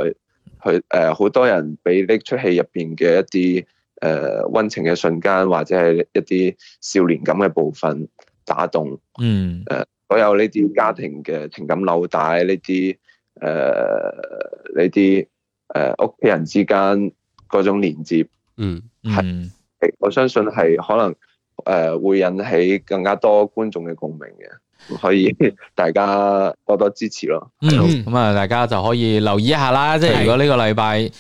去誒好多人俾呢出戲入邊嘅一啲誒溫情嘅瞬間，或者係一啲少年感嘅部分打動，嗯誒我、呃、有呢啲家庭嘅情感紐帶呢啲誒呢啲。誒屋企人之間嗰種連接，嗯，嗯，係我相信係可能誒，呃，會引起更加多觀眾嘅共鳴嘅。可以，大家多多支持咯。嗯，咁啊，大家就可以留意一下啦。即係如果呢個禮拜誒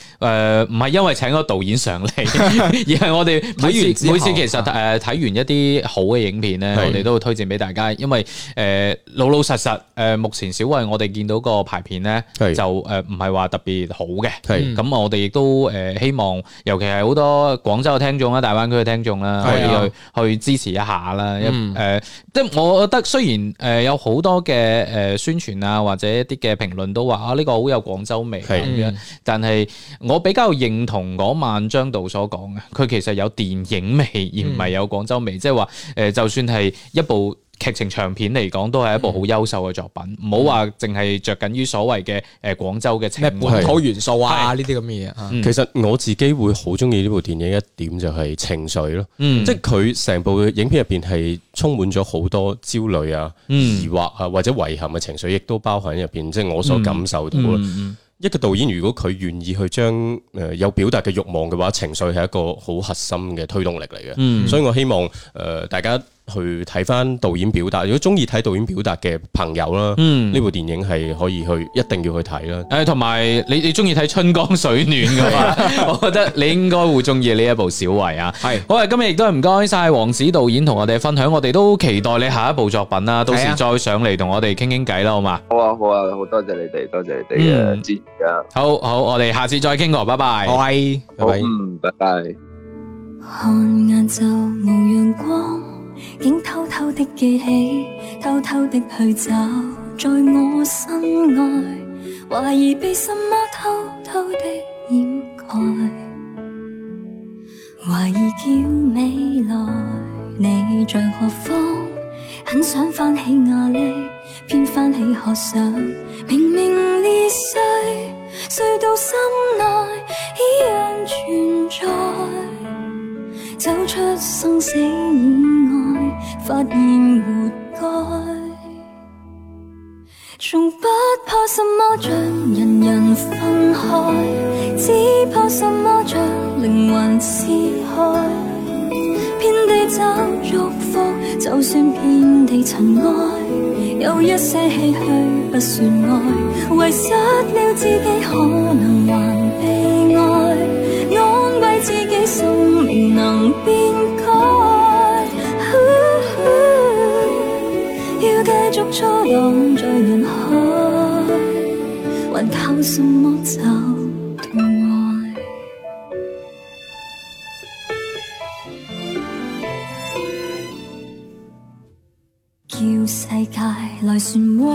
唔係因為請個導演上嚟，而係我哋睇完每次其實誒睇完一啲好嘅影片咧，我哋都會推薦俾大家。因為誒老老實實誒，目前小偉我哋見到個排片咧，就誒唔係話特別好嘅。係咁，我哋亦都誒希望，尤其係好多廣州嘅聽眾啦、大灣區嘅聽眾啦，可以去去支持一下啦。一誒，即係我覺得雖然。誒、呃、有好多嘅誒、呃、宣傳啊，或者一啲嘅評論都話啊，呢、這個好有廣州味咁、啊、樣。是嗯、但係我比較認同嗰萬張道所講，嘅，佢其實有電影味，而唔係有廣州味。即係話誒，就算係一部。劇情長片嚟講，都係一部好優秀嘅作品。唔好話淨係着緊於所謂嘅誒廣州嘅情，本土元素啊呢啲咁嘅嘢。其實我自己會好中意呢部電影一點就係情緒咯，嗯、即係佢成部影片入邊係充滿咗好多焦慮啊、嗯、疑惑啊或者遺憾嘅情緒，亦都包含喺入邊。即係、嗯、我所感受到。嗯、一個導演如果佢願意去將誒有表達嘅欲望嘅話，情緒係一個好核心嘅推動力嚟嘅。嗯、所以我希望誒大家。去睇翻導演表達，如果中意睇導演表達嘅朋友啦，呢、嗯、部電影係可以去，一定要去睇啦。誒、嗯，同埋你你中意睇春江水暖噶嘛？ 我覺得你應該會中意呢一部小維啊。係是，好啊！今日亦都唔該晒黃梓導演同我哋分享，我哋都期待你下一部作品啦、啊。到時再上嚟同我哋傾傾偈啦，好嘛？好啊，好啊，好多謝你哋，多謝你哋嘅支持啊！嗯、好好，我哋下次再傾過，拜拜。拜，拜！好拜 e 拜 bye。好、嗯，拜拜。竟偷偷的記起，偷偷的去找，在我心內，懷疑被什麼偷偷的掩蓋，懷疑叫未來你在何方？很想翻起壓力，偏翻起何想，明明裂碎，碎到心內依然存在。走出生死以外，發現活該。從不怕什麼將人人分開，只怕什麼將靈魂撕開。遍地找祝福，就算遍地塵埃，有一些唏噓不算愛，遺失了自己可能還被愛。自己生命能變改，uh，uh, 要繼續錯蕩在人海，還靠什麼找到愛？ 叫世界來漩渦。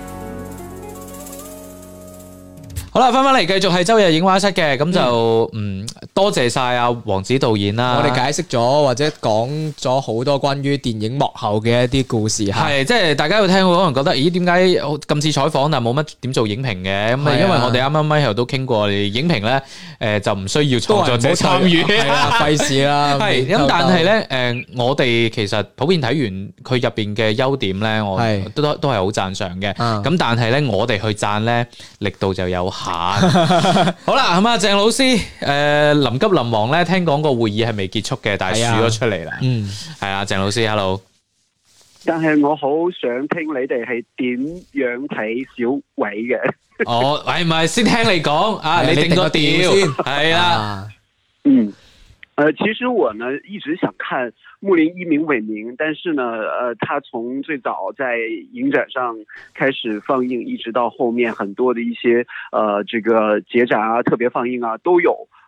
好啦，翻返嚟繼續係周日映畫室嘅，咁就嗯。嗯多謝晒啊，黃梓導演啦！我哋解釋咗或者講咗好多關於電影幕後嘅一啲故事嚇。係，即係大家會聽，可能覺得咦？點解今次採訪但冇乜點做影評嘅咁？因為我哋啱啱咪又都傾過，影評咧誒就唔需要創作者參與，費事啦。係咁，但係咧誒，我哋其實普遍睇完佢入邊嘅優點咧，我都都都係好讚賞嘅。咁但係咧，我哋去讚咧力度就有限。好啦，咁啊，鄭老師誒林。臨急臨忙咧，聽講個會議係未結束嘅，但係輸咗出嚟啦。啊、嗯，係啊，鄭老師，hello。但係我好想聽你哋係點樣睇小偉嘅。我係咪先聽你講 啊？你定個調先。係 啦、啊。嗯。呃，其實我呢一直想看《慕伶一鳴偉明》，但是呢，呃，他從最早在影展上開始放映，一直到後面很多的一些，呃，這個節展啊、特別放映啊都有。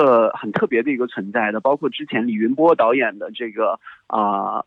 呃，很特別的一個存在的，包括之前李雲波導演的這個啊，呃。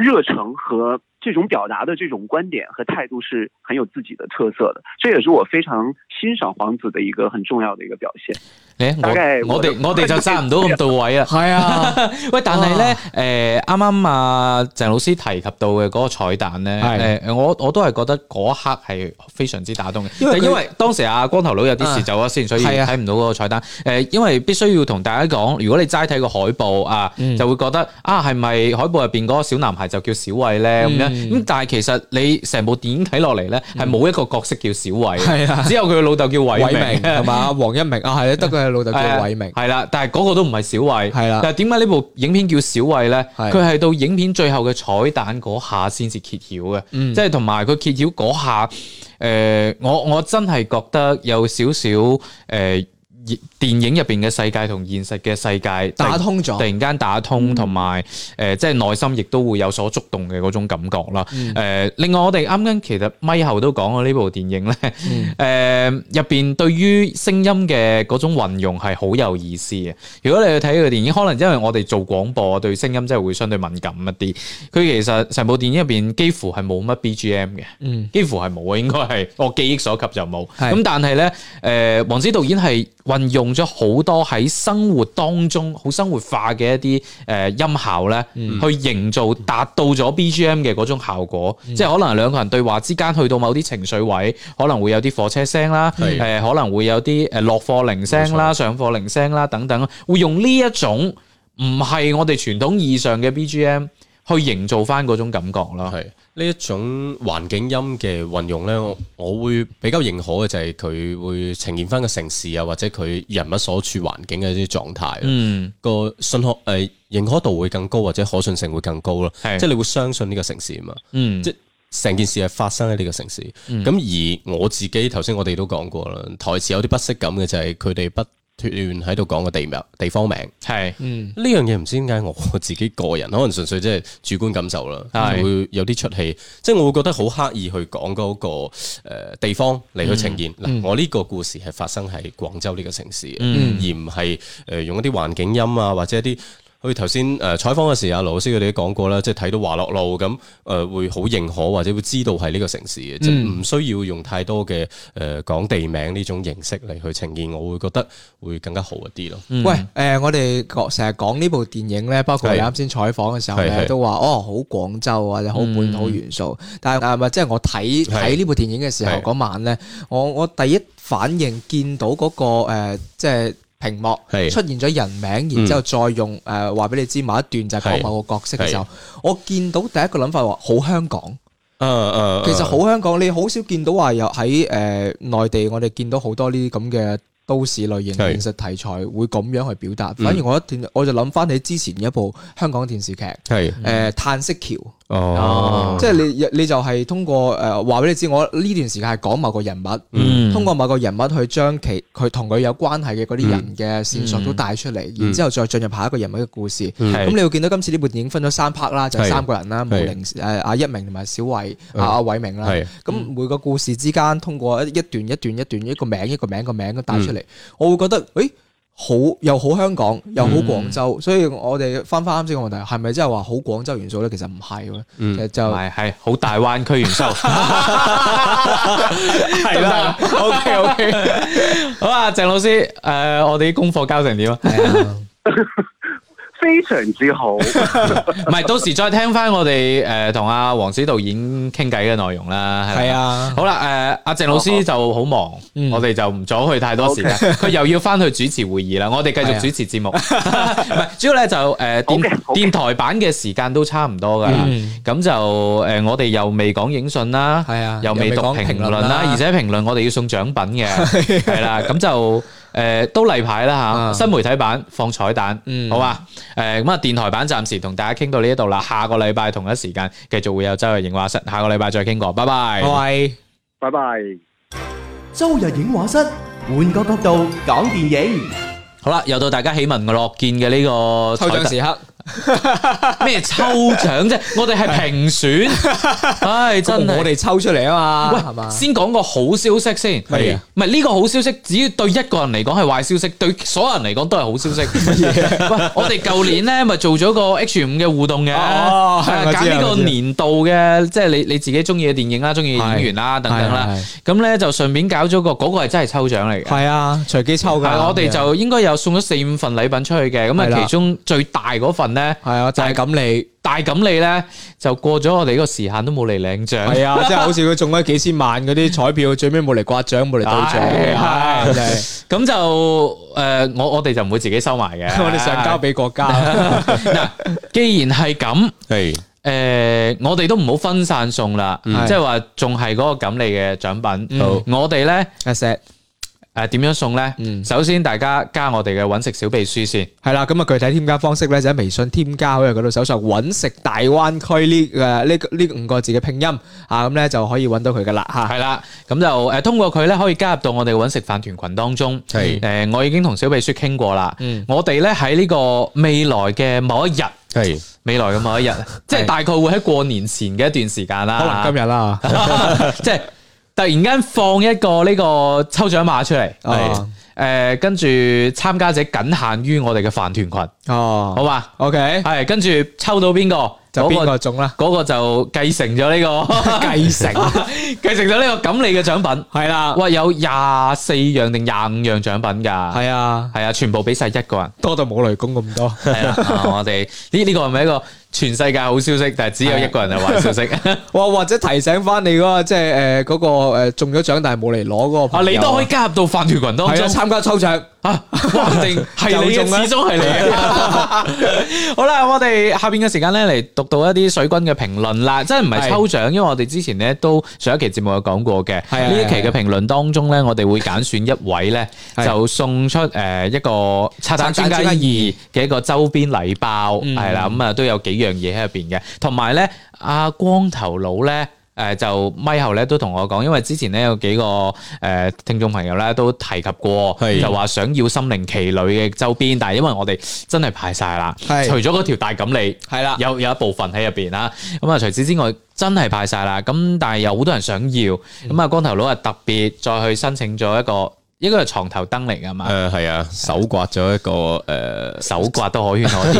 熱誠和。這種表達的這種觀點和態度是很有自己的特色的，這也是我非常欣賞黃梓的一個很重要的一個表現。誒，我哋我哋就揸唔到咁到位啊。係啊，喂，但係咧，誒哇，啱啱，呃、啊，鄭老師提及到嘅嗰個彩蛋咧，誒的、呃，我我都係覺得嗰一刻係非常之打動嘅。因為因為當時阿光頭佬有啲事走咗先，啊，所以睇唔到嗰個彩蛋。誒、呃，因為必須要同大家講，如果你齋睇個海報啊，就會覺得啊，係咪海報入邊嗰個小男孩就叫小偉咧咁樣？嗯咁、嗯、但係其實你成部電影睇落嚟咧，係冇、嗯、一個角色叫小偉，係啦的、 哦，只有佢嘅老豆叫偉明，係嘛？黃一明啊，係得佢嘅老豆叫偉明，係啦。但係嗰個都唔係小偉，係啦的。但係點解呢部影片叫小偉咧？佢係的到影片最後嘅彩蛋嗰下先至揭曉嘅，即係同埋佢揭曉嗰下，誒、呃，我我真係覺得有少少誒。呃電影入邊嘅世界同現實嘅世界打通咗，突然間打通，同埋誒即係內心亦都會有所觸動嘅嗰種感覺啦。誒、嗯呃，另外我哋啱啱其實咪後都講過呢部電影咧，誒入邊對於聲音嘅嗰種運用係好有意思嘅。如果你去睇佢電影，可能因為我哋做廣播對聲音真係會相對敏感一啲。佢其實成部電影入邊幾乎係冇乜 BGM 嘅，嗯、幾乎係冇啊。應該係我記憶所及就冇。咁的但係咧，誒、呃、黃梓導演係，用咗好多喺生活當中好生活化嘅一啲誒音效咧，去營造達到咗 BGM 嘅嗰種效果，嗯、即係可能兩個人對話之間去到某啲情緒位，可能會有啲火車聲啦，誒是可能會有啲誒落課鈴聲啦、錯上課鈴聲啦等等，會用呢一種唔係我哋傳統意義上嘅 BGM 去營造翻嗰種感覺咯。呢一種環境音嘅運用咧，我會比較認可嘅就係佢會呈現返個城市啊，或者佢人物所處環境嘅啲狀態。嗯，個信號誒認可度會更高，或者可信性會更高咯。是即係你會相信呢個城市啊嘛。即係成件事係發生喺呢個城市。咁而我自己頭先我哋都講過啦，台詞有啲不適感嘅就係佢哋不。亂喺度講個地名地方名係。嗯，呢樣嘢，唔知點解我自己個人可能純粹即係主觀感受啦，係會有啲出氣，即係我會覺得好刻意去講嗰個誒地方嚟，去呈現。嗱，嗯嗯，我呢個故事係發生喺廣州呢個城市，嗯，而唔係誒用一啲環境音啊或者一啲。佢頭先誒採訪嘅時候，羅老師佢哋都講過啦，即係睇到華樂路咁，誒、呃、會好認可或者會知道係呢個城市嘅，即唔、嗯、需要用太多嘅誒、呃、講地名呢種形式嚟去呈現，我會覺得會更加好一啲咯。嗯、喂，誒、呃、我哋成日講呢部電影咧，包括你啱先採訪嘅時候咧，是都話哦好廣州啊，又好本土元素，嗯、但係係咪即係我睇睇呢部電影嘅時候嗰是是晚咧，我我第一反應見到嗰、嗰個即係。呃呃就是屏幕是出現咗人名，然之後再用誒話俾你知某一段就係講某個角色嘅時候，我見到第一個諗法話好香港，嗯嗯、啊，啊、其實好香港，啊啊、你好少見到話有喺誒內地，我哋見到好多呢啲咁嘅。都市類型現實題材會咁樣去表達，反而我一電，我就諗翻起之前一部香港電視劇，誒《嘆息橋》，即係你你就係通過誒話俾你知，我呢段時間係講某個人物，通過某個人物去將其佢同佢有關係嘅嗰啲人嘅線索都帶出嚟，然之後再進入下一個人物嘅故事。咁你會見到今次呢部電影分咗三 part 啦，就係三個人啦，慕伶誒阿一鳴同埋小偉阿阿偉明啦。咁每個故事之間通過一一段一段一段一個名一個名個名都帶出嚟。我會覺得，誒、欸，好，又好香港又好廣州，嗯、所以我哋翻翻啱先個問題，係咪即係話好廣州元素咧？其實唔係嘅，嗯、其實就係係好大灣區元素，係啦。OK，OK，好啊，鄭老師，誒、呃，我哋啲功課交成點啊？ 非常之好，唔係到時再聽翻我哋誒同阿黃梓導演傾偈嘅內容啦。係啊，好啦，誒阿鄭老師就好忙，我哋就唔阻佢太多時間，佢又要翻去主持會議啦。我哋繼續主持節目，唔係主要咧就誒電電台版嘅時間都差唔多㗎，咁就誒我哋又未講影訊啦，係啊，又未讀評論啦，而且評論我哋要送獎品嘅，係啦，咁就。誒，都例牌啦，吓，新媒體版放彩蛋，嗯，好啊。誒，咁啊，電台版暫時同大家傾到呢一度啦，下個禮拜同一時間繼續會有周日影畫室，下個禮拜再傾過，拜拜。喂，拜拜。周日影畫室，換個角度講電影。好啦，又到大家喜聞樂見嘅呢個抽獎時刻。咩抽獎啫？我哋係評選，唉，真係我哋抽出嚟啊嘛。喂，先講個好消息先。係唔係呢個好消息，只要對一個人嚟講係壞消息，對所有人嚟講都係好消息。喂，我哋舊年咧咪做咗個 H 五嘅互動嘅，搞呢個年度嘅，即係你你自己中意嘅電影啦、中意演員啦等等啦。咁咧就順便搞咗個，嗰個係真係抽獎嚟嘅。係啊，隨機抽噶。我哋就應該有送咗四五份禮品出去嘅，咁啊其中最大嗰份咧係啊，就係錦鯉，但係錦鯉咧就過咗我哋呢個時限都冇嚟領獎，係啊，即係好似佢中咗幾千萬嗰啲彩票，最尾冇嚟刮獎，冇嚟兌獎，係咁就誒，我我哋就唔會自己收埋嘅，我哋上交俾國家。嗱，既然係咁，誒，我哋都唔好分散送啦，即係話仲係嗰個錦鯉嘅獎品，我哋咧。誒，點、啊、樣送呢？嗯、首先，大家加我哋嘅揾食小秘書先。係啦，咁啊，具體添加方式呢，就喺微信添加好嘅嗰度，搜索揾食大灣區呢個呢呢五個字嘅拼音啊，咁、嗯、呢就可以揾到佢噶啦吓。係啦、嗯，咁就誒，通過佢呢，可以加入到我哋揾食飯團群當中。係誒是、呃，我已經同小秘書傾過啦。嗯、我哋呢，喺呢個未來嘅某一日。係是未來嘅某一日，即係是大概會喺過年前嘅一段時間啦。是可能今日啦，即係。突然間放一個呢個抽獎碼出嚟，係誒、啊，跟住參加者僅限於我哋嘅飯團群哦，啊、好嘛？OK，係跟住抽到邊、個就邊、個中啦，嗰 承 個就繼承咗呢個繼承繼承咗呢個錦鯉嘅獎品，係啦的，喂，有廿四樣定廿五樣獎品噶，係啊的，係啊，全部俾晒一個人，多到冇雷公咁多，係 啊，我哋呢呢個係咪一個？全世界好消息，但係只有一個人係壞消息。 哇，或者提醒翻你嗰個，即係誒嗰個誒中咗獎但係冇嚟攞嗰個。啊，你都可以加入到飯團群都係啊，參加抽獎啊，反正係你，始終係你。好啦，我哋下邊嘅時間咧，嚟讀到一啲水軍嘅評論啦。真係唔係抽獎，是因為我哋之前咧都上一期節目有講過嘅。係呢是是一期嘅評論當中咧，我哋會揀選一位咧，就送出誒一個《拆散專家二》嘅一個周邊禮包，係啦，咁啊都有幾。嗯樣嘢喺入邊嘅，同埋咧阿光頭佬咧，誒就咪後咧都同我講，因為之前咧有幾個誒聽眾朋友咧都提及過，的就話想要心靈奇旅嘅周邊，但係因為我哋真係派晒啦，的除咗嗰條大錦鯉係啦，的有有一部分喺入邊啦，咁啊除此之外真係派晒啦，咁但係有好多人想要，咁啊、嗯、光頭佬啊特別再去申請咗一個。應該係床頭燈嚟㗎嘛？誒、呃，係啊，手刮咗一個誒，呃、手刮都可圈、啊，可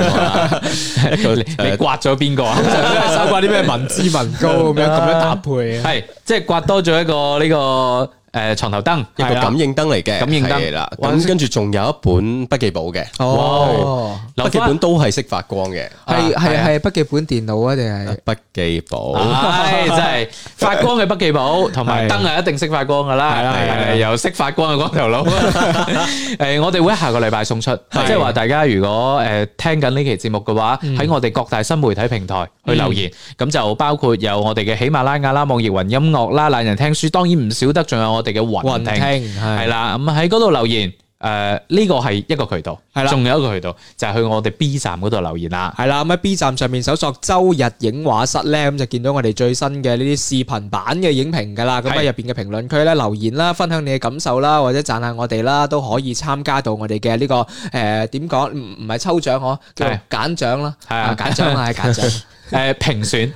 點、 呃、 你刮咗邊個？手刮啲咩文字文稿咁樣搭配啊是的？係，即係刮多咗一個呢、這個。誒，床頭燈一個感應燈嚟嘅，感應燈啦。咁跟住仲有一本筆記簿嘅，哦，筆記本都係識發光嘅，係係係筆記本電腦啊定係筆記簿？係真係發光嘅筆記簿，同埋燈係一定識發光噶啦，係係又識發光嘅光頭佬。誒，我哋會下個禮拜送出，即係話大家如果誒聽緊呢期節目嘅話，喺我哋各大新媒體平台去留言，咁就包括有我哋嘅喜馬拉雅啦、網易雲音樂啦、懶人聽書，當然唔少得，仲有我。嘅雲聽係啦，咁喺嗰度留言，誒呢個係一個渠道，係啦，仲有一個渠道就係去我哋 B 站嗰度留言啦，係啦咁喺 B 站上面搜索周日映畫室咧，咁就見到我哋最新嘅呢啲視頻版嘅影評噶啦，咁喺入邊嘅評論區咧留言啦，分享你嘅感受啦，或者讚下我哋啦，都可以參加到我哋嘅呢個誒點講唔唔係抽獎嗬，叫揀獎啦，係啊揀獎啊揀獎。誒，評選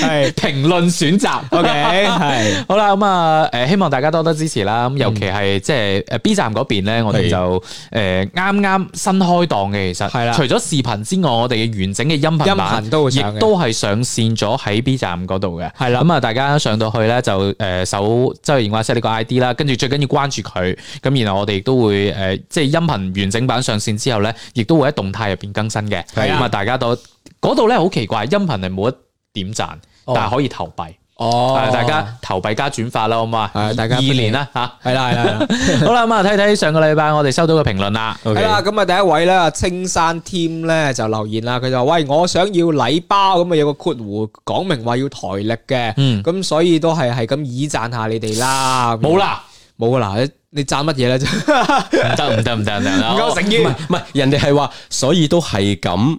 係評論選擇，OK，係好啦，咁啊，誒，希望大家多多支持啦。咁尤其係即係誒 B 站嗰邊咧，我哋就誒啱啱新開檔嘅，其實係啦。除咗視頻之外，我哋嘅完整嘅音頻版都都係上線咗喺 B 站嗰度嘅，係啦。咁啊，大家上到去咧就誒搜周日映畫室呢個 ID 啦，跟住最緊要關注佢。咁然後我哋亦都會誒即係音頻完整版上線之後咧，亦都會喺動態入邊更新嘅。係咁啊，大家都。嗰度咧好奇怪，音頻係冇得點讚，但係可以投幣。哦，大家投幣加轉發啦，好嘛？係大家意年啦，吓係啦係啦。好啦，咁啊睇睇上個禮拜我哋收到嘅評論啦。係啦，咁啊第一位咧，青山添 e 咧就留言啦，佢就話，喂，我想要禮包，咁啊有個括弧講明話要台曆，嘅咁所以都係係咁以讚下你哋啦。冇啦，冇啦，你你讚乜嘢咧啫？得唔得唔得唔得唔夠誠意？唔係唔係，人哋係話，所以都係咁。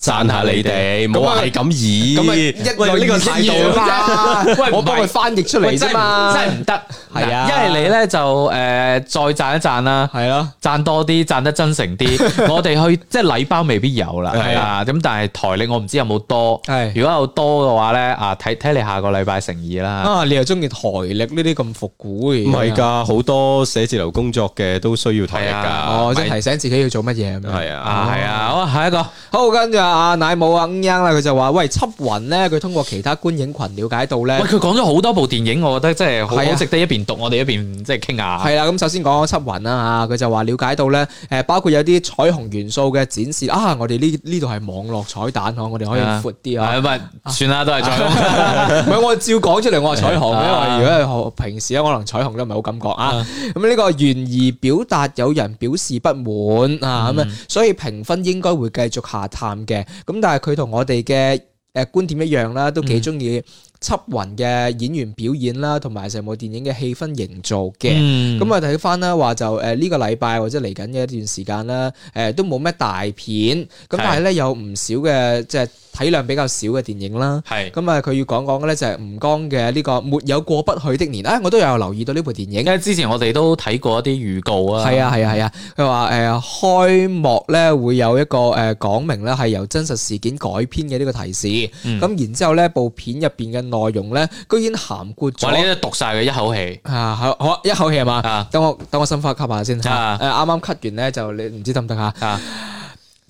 讚下你哋，唔好話係咁易咁啊，呢個態度啊，我幫佢翻譯出嚟啫嘛，真係唔得。係啊，一係你咧就誒再讚一讚啦。係咯，讚多啲，讚得真誠啲。我哋去即係禮包未必有啦。係啊，咁但係台曆我唔知有冇多。係，如果有多嘅話咧，啊睇睇你下個禮拜誠意啦。啊，你又中意台曆呢啲咁複古嘅嘢？唔係噶，好多寫字樓工作嘅都需要台曆噶。哦，即係提醒自己要做乜嘢咁樣。係啊，係啊。好，下一個，好跟住。啊！奶母啊，咁樣啦，佢就話喂，雲呢《七雲》咧，佢通過其他觀影群了解到咧，喂，佢講咗好多部電影，我覺得真係好值得一邊讀、啊、我哋一邊即係傾下。係啦、啊，咁首先講《七雲》啊。吓，佢就話了解到咧，誒，包括有啲彩虹元素嘅展示啊，我哋呢呢度係網絡彩蛋，我我哋可以闊啲啊，唔係、啊，啊、算啦，都係 彩虹。唔係我照講出嚟，我係彩虹因為。如果係平時咧，可能彩虹都唔係好感覺啊。咁呢、啊這個懸疑表達有人表示不滿啊，咁、嗯、啊，所以評分應該會繼續下探嘅。咁但係佢同我哋嘅、誒觀點一樣啦，都幾中意。輯雲嘅演員表演啦，同埋成部電影嘅氣氛營造嘅，咁啊睇返啦，話就誒呢個禮拜或者嚟緊嘅一段時間啦，誒都冇咩大片，咁但係咧有唔少嘅即係體量比較少嘅電影啦，係是是、就是，咁啊佢要講講嘅咧就係吳剛嘅呢個沒有過不去的年，誒、哎、我都有留意到呢部電影，因為之前我哋都睇過一啲預告啊，係啊係啊係啊，佢話誒開幕咧會有一個誒講、呃、明咧係由真實事件改編嘅呢個提示，咁、嗯、然之後咧部片入邊嘅。內容咧，居然含括咗。我呢都讀晒嘅一口氣。啊好，好，一口氣係嘛，啊？啊，等我等我深呼吸一下先。啊，誒啱啱吸完咧，就你唔知得唔得啊？剛剛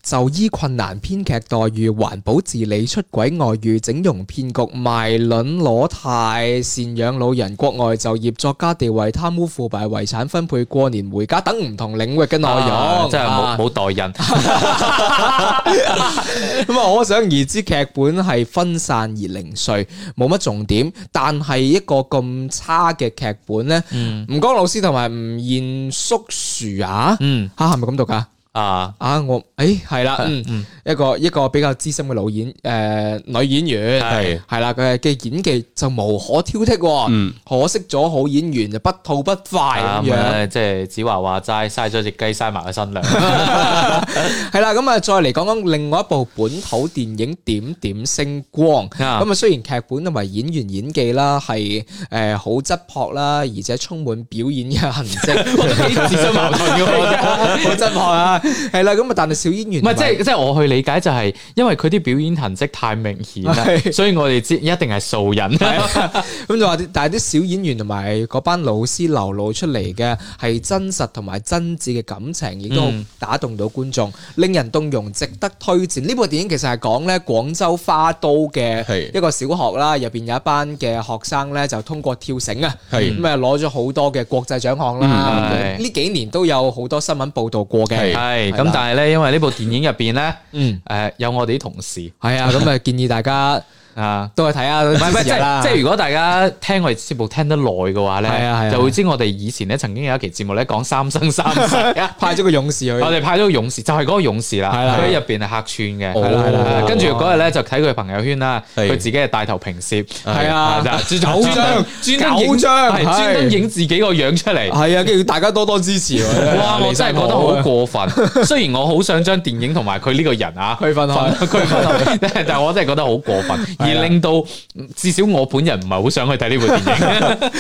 就醫困難、編劇待遇、環保治理、出軌外遇、整容騙局、賣卵裸貸、贍養老人、國外就業、作家地位、貪污腐敗、遺產分配、過年回家等唔同領域嘅內容，真係冇冇代人。咁啊，可想而知，劇本係分散而零碎，冇乜重點。但係一個咁差嘅劇本呢，吳剛老師同埋吳彥姝啊，嗯，吓係咪咁讀噶？啊！啊我誒係啦，嗯嗯，一個一個比較資深嘅老演誒女演員係係啦，佢嘅演技就無可挑剔，可惜咗好演員就不吐不快。咁樣，即係子華話齋，嘥咗隻雞，嘥埋個新娘。係啦，咁啊，再嚟講講另外一部本土電影《點點星光》。咁啊，雖然劇本同埋演員演技啦係誒好質樸啦，而且充滿表演嘅痕迹。好質樸啦～係啦，咁啊，但係小演員唔係即係即係我去理解就係，因為佢啲表演痕跡太明顯啦，的所以我哋知一定係素人。咁就話， 但係啲小演員同埋嗰班老師流露出嚟嘅係真實同埋真摯嘅感情，亦都打動到觀眾，嗯、令人動容，值得推薦。呢部電影其實係講咧廣州花都嘅一個小學啦，入邊有一班嘅學生咧就通過跳繩啊，咁啊攞咗好多嘅國際獎項啦。呢幾年都有好多新聞報道過嘅。的係，咁但係咧，因為呢部電影入邊咧，嗯，誒、呃，有我哋啲同事，係啊，咁啊，建議大家。 啊，都去睇下，即係如果大家聽我哋節目聽得耐嘅話咧，就會知我哋以前咧曾經有一期節目咧講三生三世啊，派咗個勇士去。我哋派咗個勇士，就係嗰個勇士啦，喺入邊係客串嘅，係啦，係啦，跟住嗰日咧就睇佢朋友圈啦，佢自己係大頭平攝，係啊，九張，九張，專登影自己個樣出嚟，係啊，跟住大家多多支持。哇！我真係覺得好過分，雖然我好想將電影同埋佢呢個人啊區分開，區分開，但我真係覺得好過分。而令到至少我本人唔係好想去睇呢部電影，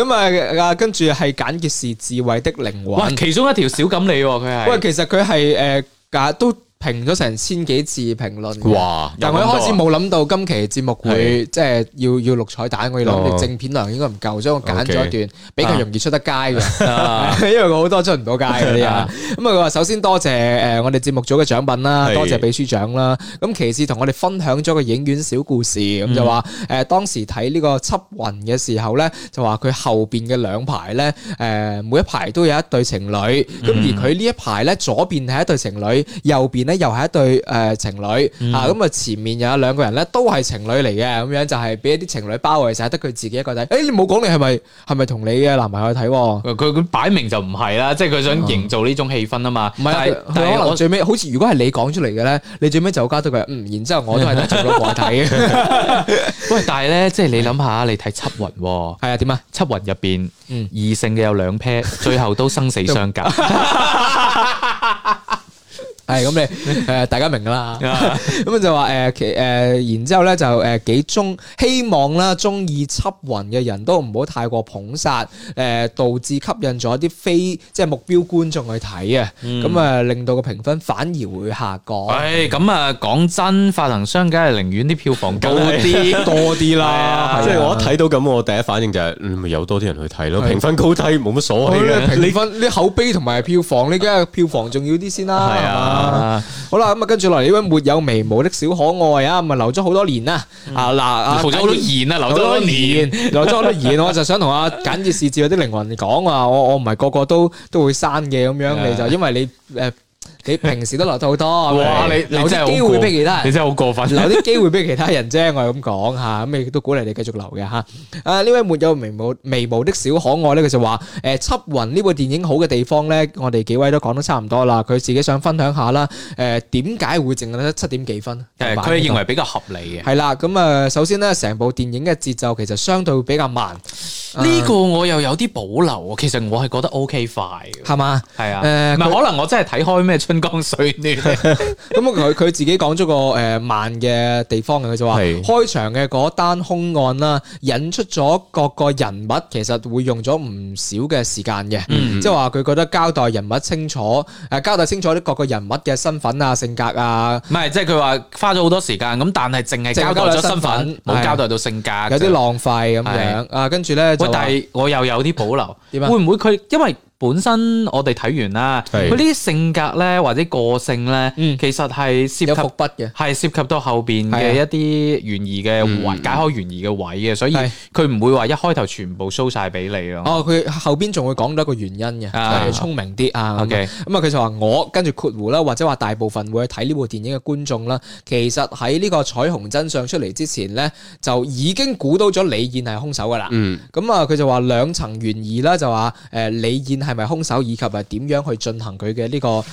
係咁啊！跟住係簡潔是智慧的靈魂，其中一條小錦鯉佢係，喂，其實佢係誒假都。評咗成千幾次評論，但係我一開始冇諗到今期節目會即係要要錄彩蛋，我要諗啲正片量應該唔夠，所以我揀咗一段比較容易出得街嘅，因為我好多出唔到街嗰啲啊。咁啊，佢話首先多謝誒我哋節目組嘅獎品啦，多謝秘書長啦。咁其次同我哋分享咗個影院小故事，咁就話誒當時睇呢個《七雲》嘅時候咧，就話佢後邊嘅兩排咧，誒每一排都有一對情侶。咁而佢呢一排咧，左邊係一對情侶，右邊咧，又係一對誒情侶吓，咁啊前面有兩個人咧，都係情侶嚟嘅，咁樣就係俾一啲情侶包圍，就得佢自己一個仔。誒，你冇講你係咪係咪同你嘅男朋友去睇？佢佢擺明就唔係啦，即係佢想營造呢種氣氛啊嘛。唔係，但係可能最尾好似如果係你講出嚟嘅咧，你最尾就加多句：「嗯，然之後我都係得做老婆睇。」喂，但係咧，即係你諗下，你睇七雲係啊？點啊？七雲入邊，異性嘅有兩 pair，最後都生死相隔。係咁你誒，大家明噶啦。咁就話誒，其誒，然之後咧就誒，幾中希望啦，中意緝雲嘅人都唔好太過捧殺，誒，導致吸引咗一啲非即係目標觀眾去睇啊。咁啊，令到個評分反而會下降。誒，咁啊，講真，發行商梗係寧願啲票房高啲多啲啦。即係我一睇到咁，我第一反應就係咪有多啲人去睇咯？評分高低冇乜所謂，你評分啲口碑同埋票房，你梗係票房重要啲先啦。係啊。啊，好啦、uh, 嗯，咁啊，跟住落嚟呢位沒有眉毛的小可愛啊，咪留咗好多年啦，嗯、啊嗱、啊，留咗好多染啦，留咗好多年，留咗都染， 我就想同阿簡子、視子嗰啲靈魂講啊，我我唔係個個都都會刪嘅，咁樣你就因為你誒。呃你平時都留得好多，哇！你留啲機會俾其他人，你真係好過分。留啲機會俾其他人啫，我係咁講嚇，咁亦都鼓勵你繼續留嘅嚇。啊，呢位沒有眉毛眉毛的小可愛咧，佢就話、是：誒、呃，《七雲》呢部電影好嘅地方咧，我哋幾位都講得差唔多啦。佢自己想分享下啦。誒、呃，點解會淨係七點幾分？佢認為比較合理嘅。係啦，咁、嗯、啊，首先咧，成部電影嘅節奏其實相對會比較慢。呢個我又有啲保留。其實我係覺得 O、OK、K 快，係嘛吧？係啊。誒、呃，可能我真係睇開咩春江水暖，咁啊佢佢自己講咗個誒慢嘅地方嘅，佢就話開場嘅嗰單兇案啦，引出咗各個人物，其實會用咗唔少嘅時間嘅，即係話佢覺得交代人物清楚，誒交代清楚啲各個人物嘅身份啊、性格啊，唔係，即係佢話花咗好多時間，咁但係淨係交代咗身份，冇交代到性格，有啲浪費咁樣啊，跟住咧，但係我又有啲保留，點啊？會唔會佢因為？本身我哋睇完啦，佢呢啲性格咧、或者個性咧，其實係涉及伏筆嘅，係、嗯、涉及到後邊嘅一啲懸疑嘅、嗯、解開懸疑嘅位嘅，所以佢唔會話一開頭全部 show 晒俾你咯。是哦，佢後邊仲會講到一個原因嘅，係聰明啲啊。O K，咁啊佢就話我跟住括弧啦，或者話大部分會去睇呢部電影嘅觀眾啦，其實喺呢個彩虹真相出嚟之前咧，就已經估到咗李燕係兇手噶啦。咁啊佢就話兩層懸疑啦，就話誒李燕。係咪兇手以及係點樣去進行佢嘅呢個誒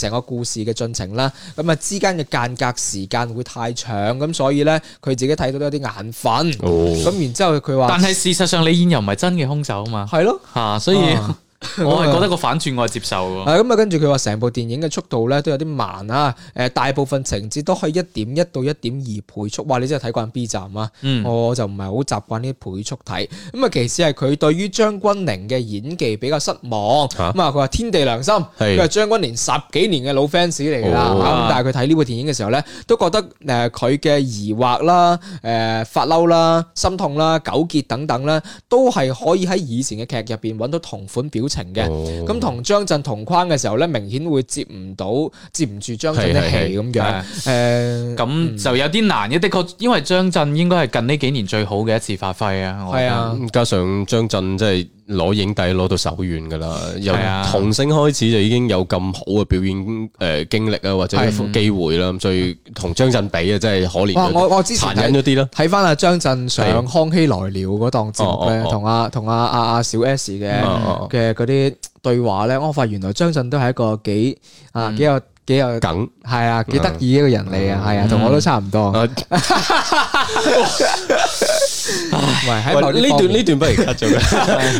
成、呃、個故事嘅進程啦？咁、嗯、啊之間嘅間隔時間會太長，咁所以咧佢自己睇到都有啲眼瞓。哦、oh. 嗯，咁然之後佢話，但係事實上你演又唔係真嘅兇手啊嘛，係咯吓，所以。啊 我係覺得個反轉我係接受喎。咁啊，跟住佢話成部電影嘅速度咧都有啲慢啊。誒、呃，大部分情節都可以一點一到一點二倍速。哇、呃，你真係睇慣 B 站啊！嗯、我就唔係好習慣呢倍速睇。咁啊，其次係佢對於張君寧嘅演技比較失望。咁、嗯、啊，佢話天地良心，佢話張君寧十幾年嘅老 fans 嚟啦。咁、嗯、但係佢睇呢部電影嘅時候咧，都覺得誒佢嘅疑惑啦、誒、呃、發嬲啦、心痛啦、糾結等等啦，都係可以喺以前嘅劇入邊揾到同款表情嘅，咁同張震同框嘅時候咧，明顯會接唔到、接唔住張震嘅戲咁樣，誒的，咁、呃、就有啲難的，的確，因為張震應該係近呢幾年最好嘅一次發揮啊，係啊的，加上張震即係。攞影帝攞到手軟㗎喇，由童星開始就已經有咁好嘅表演誒經歷啊，或者機會啦，咁所以同張震比啊，真係可憐殘忍咗啲咯。睇翻阿張震上《康熙來了》嗰檔節目，同阿同阿阿阿小 S 嘅嘅嗰啲對話咧，我發現原來張震都係一個幾啊幾有幾有梗係啊幾得意嘅一個人嚟啊，係啊同我都差唔多。唔喺呢段呢段不如 cut 咗啦，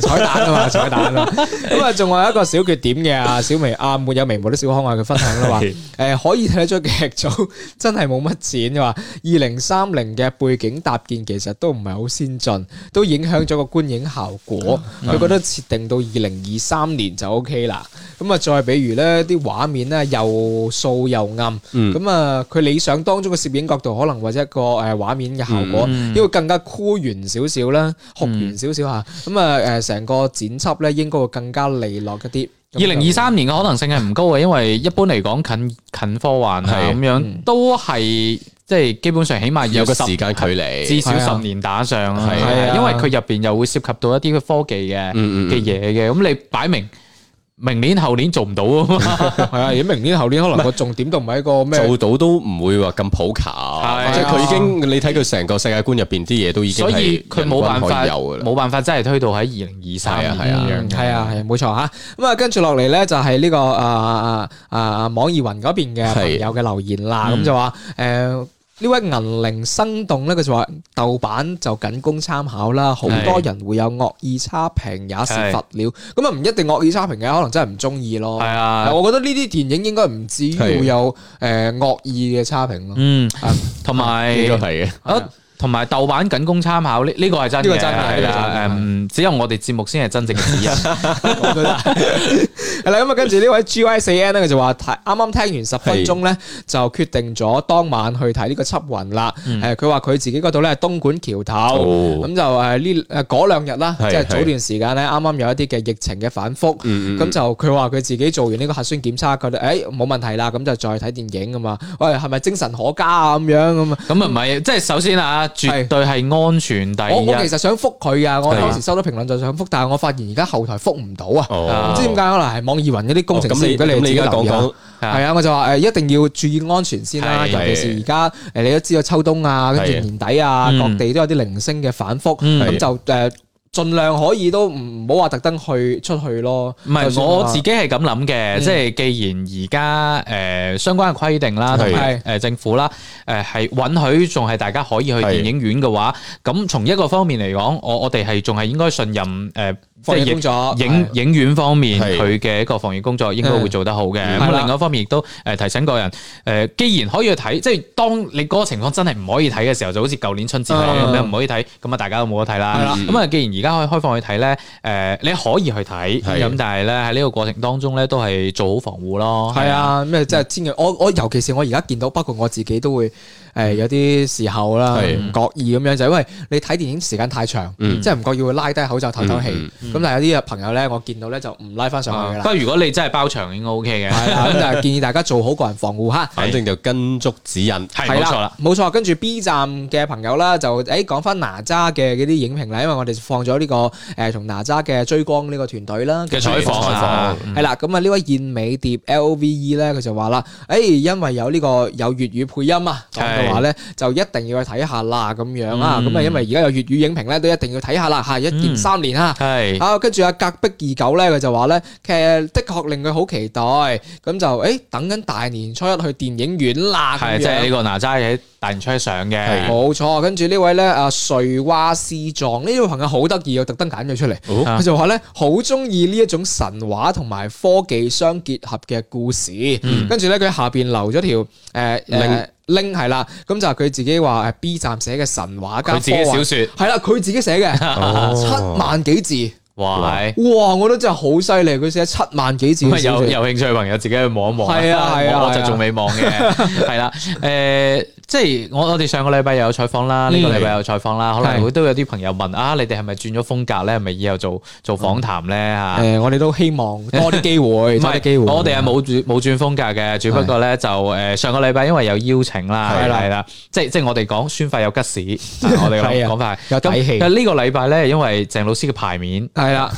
彩蛋啊嘛彩蛋啦，咁啊仲有一個小缺點嘅啊小眉啊沒有眉毛的小可愛嘅分享啦話，誒、 呃、可以睇得出劇組真係冇乜錢你話，二零三零嘅背景搭建其實都唔係好先進，都影響咗個觀影效果。佢、嗯、覺得設定到二零二三年就 OK 啦，咁啊再比如咧啲畫面咧又素又暗，咁啊佢理想當中嘅攝影角度可能或者一個誒畫面嘅效果，因為更加寬。圓少少啦，紅圓少少吓，咁啊誒，成個剪輯咧應該會更加利落一啲。二零二三年嘅可能性係唔高嘅， 因為一般嚟講近近科幻係咁樣，嗯、都係即係基本上起碼有個時間距離，至少十年打上啊。係啊，啊因為佢入邊又會涉及到一啲嘅科技嘅嘅嘢嘅，咁、嗯嗯嗯、你擺明。明年後年做唔到啊，係 啊！如果明年後年可能個重點都唔係一個咩，做到都唔會話咁普及，即係佢已經，你睇佢成個世界觀入邊啲嘢都已經，所以佢冇辦法，有的。冇辦法真係推到喺二零二三啊，係啊，係啊，係冇錯吓。咁啊，嗯、啊啊啊跟住落嚟咧就係、是、呢、這個啊啊啊啊，啊網易雲嗰邊嘅朋友嘅留言啦，咁就話誒。嗯 嗯呢位銀鈴生動咧，佢就話豆瓣就僅供參考啦，好的多人會有惡意差評也是佛了，咁啊唔一定惡意差評嘅，可能真係唔鍾意咯。係啊的，的我覺得呢啲電影應該唔至於會有誒惡意嘅差評咯。嗯，同埋應該係嘅。同埋豆瓣僅供參考，呢呢個係真嘅係啦。誒，只有我哋節目先係真正嘅主人。係啦，咁啊，跟住呢位 GY4N 咧，佢就話睇啱啱聽完十分鐘咧，就決定咗當晚去睇呢個《緝魂》啦。誒，佢話佢自己嗰度咧係東莞橋頭，咁就誒呢誒嗰兩日啦，即係早段時間咧，啱啱有一啲嘅疫情嘅反覆，咁就佢話佢自己做完呢個核酸檢測，覺得誒冇問題啦，咁就再睇電影啊嘛。喂，係咪精神可嘉啊？咁樣咁啊？咁啊唔係，即係首先啊。絕對係安全，第一。我我其實想覆佢啊，我當時收到評論就想覆，但係我發現而家後台覆唔到啊，唔知點解可能係網易雲嗰啲工程師。咁如果你自己留意。係啊，我就話誒，一定要注意安全先啦，尤其是而家誒，你都知道秋冬啊，跟住年底啊，各地都有啲零星嘅反覆，咁就誒。儘量可以都唔好話特登去出去咯。唔係我自己係咁諗嘅，嗯、即係既然而家誒相關嘅規定啦，同埋誒是政府啦，誒、呃、係允許仲係大家可以去電影院嘅話，咁是從一個方面嚟講，我我哋係仲係應該信任誒。呃即係影影影院方面，佢嘅一個防疫工作應該會做得好嘅。咁的另外一方面，亦都誒提醒個人，誒、呃、既然可以去睇，即係當你嗰個情況真係唔可以睇嘅時候，就好似舊年春節咁樣唔可以睇，咁啊大家都冇得睇啦。咁啊的，既然而家可以開放去睇咧，誒、呃、你可以去睇，咁的但係咧，喺呢個過程當中咧，都係做好防護咯。係啊的，咩即係我我尤其是我而家見到，包括我自己都會。係有啲時候啦，唔覺意咁樣就係，因為你睇電影時間太長，即係唔覺意會拉低口罩透透氣。咁但係有啲朋友咧，我見到咧就唔拉翻上去。不過如果你真係包場，應該 OK 嘅。咁就建議大家做好個人防護嚇。反正就跟足指引。係冇錯啦，冇錯。跟住 B 站嘅朋友啦，就誒講翻哪吒嘅嗰啲影評啦，因為我哋放咗呢個誒同哪吒嘅追光呢個團隊啦嘅採訪啊，係啦。咁啊呢位燕尾蝶 L O V E 咧，佢就話啦，誒因為有呢個有粵語配音啊。話咧就一定要去睇下啦，咁樣啊，咁啊、嗯、因為而家有粵語影評咧都一定要睇下啦吓，一見三年、嗯、啊，啊跟住阿隔壁二狗咧佢就話咧，其實的確令佢好期待，咁就誒、欸、等緊大年初一去電影院啦，係是樣即係呢個哪吒喺大年初一上嘅，冇錯。跟住呢位咧啊瑞華絲狀呢位朋友好得意，我特登揀咗出嚟，佢就話咧好中意呢一種神話同埋科技相結合嘅故事，嗯、跟住咧佢下邊留咗條誒誒。呃呃拎係啦，咁就佢自己話誒，B 站寫嘅神話家，佢自己小說係啦，佢自己寫嘅、 哦、七萬幾字。哇哇，我都真係好犀利，佢寫七萬幾字。有有興趣嘅朋友自己去望一望。係啊係啊，我就仲未望嘅，係啦。誒，即係我我哋上個禮拜又有採訪啦，呢個禮拜又有採訪啦。可能會都有啲朋友問啊，你哋係咪轉咗風格咧？係咪以後做做訪談咧？吓。誒，我哋都希望多啲機會，機會。我哋係冇轉冇轉風格嘅，只不過咧就誒上個禮拜因為有邀請啦，係啦，即係即係我哋講宣發有吉事，我哋講講法係睇戲。咁呢個禮拜咧，因為鄭老師嘅牌面。係啦，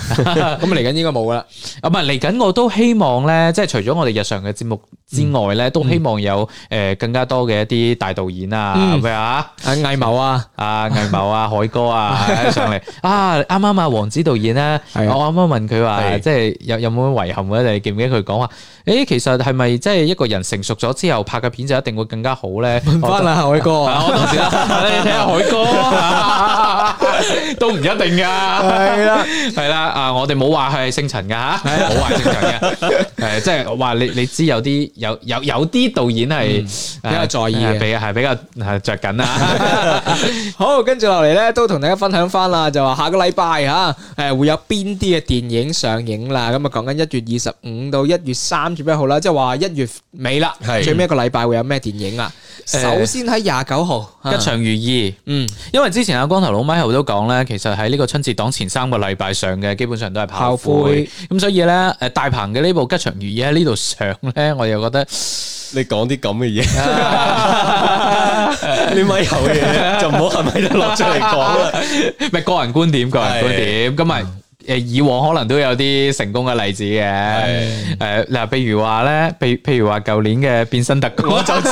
咁嚟緊應該冇㗎啦。啊，唔係嚟緊，我都希望咧，即係除咗我哋日常嘅節目之外咧，都希望有誒更加多嘅一啲大導演啊，咁樣啊，阿藝謀啊，阿藝謀啊，海哥啊上嚟啊。啱啱阿王子導演咧，我啱啱問佢話，即係有有冇遺憾咧？你記唔記得佢講話？誒，其實係咪即係一個人成熟咗之後拍嘅片就一定會更加好咧？問翻阿海哥啊，我到時咧，你聽下海哥。都唔一定噶，係啦係啦，啊！我哋冇話佢係姓陳噶吓，冇話姓陳嘅，誒，即係話你你知有啲有有有啲導演係比較在意嘅，比係比較着緊啦。好，跟住落嚟咧，都同大家分享翻啦，就話下個禮拜吓，誒，會有邊啲嘅電影上映啦？咁啊，講緊一月二十五到一月三十一號啦，即係話一月尾啦，最尾一個禮拜會有咩電影啦？首先喺廿九號一場如意，嗯，因為之前阿光頭佬米高都講咧。其實喺呢個春節檔前三個禮拜上嘅，基本上都係炮灰。咁所以咧，誒，大鵬嘅呢部《吉祥如意》喺呢度上咧，我又覺得你講啲咁嘅嘢，你咪有嘢，就唔好係咪都落出嚟講啦。咪個人觀點，個人觀點，咁咪。誒，以往可能都有啲成功嘅例子嘅，誒，嗱，譬如話咧，譬譬如話舊年嘅《變身特工》我就知，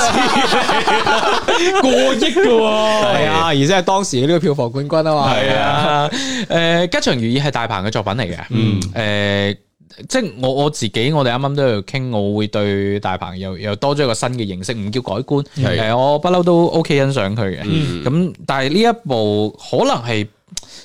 過億㗎喎，係啊，而且係當時呢個票房冠軍啊嘛，係啊，誒，《吉祥如意》係大鵬嘅作品嚟嘅，嗯，誒，即係我我自己，我哋啱啱都有傾，我會對大鵬又又多咗一個新嘅認識，唔叫改觀，誒，我不嬲都 OK 欣賞佢嘅，咁，但係呢一部可能係。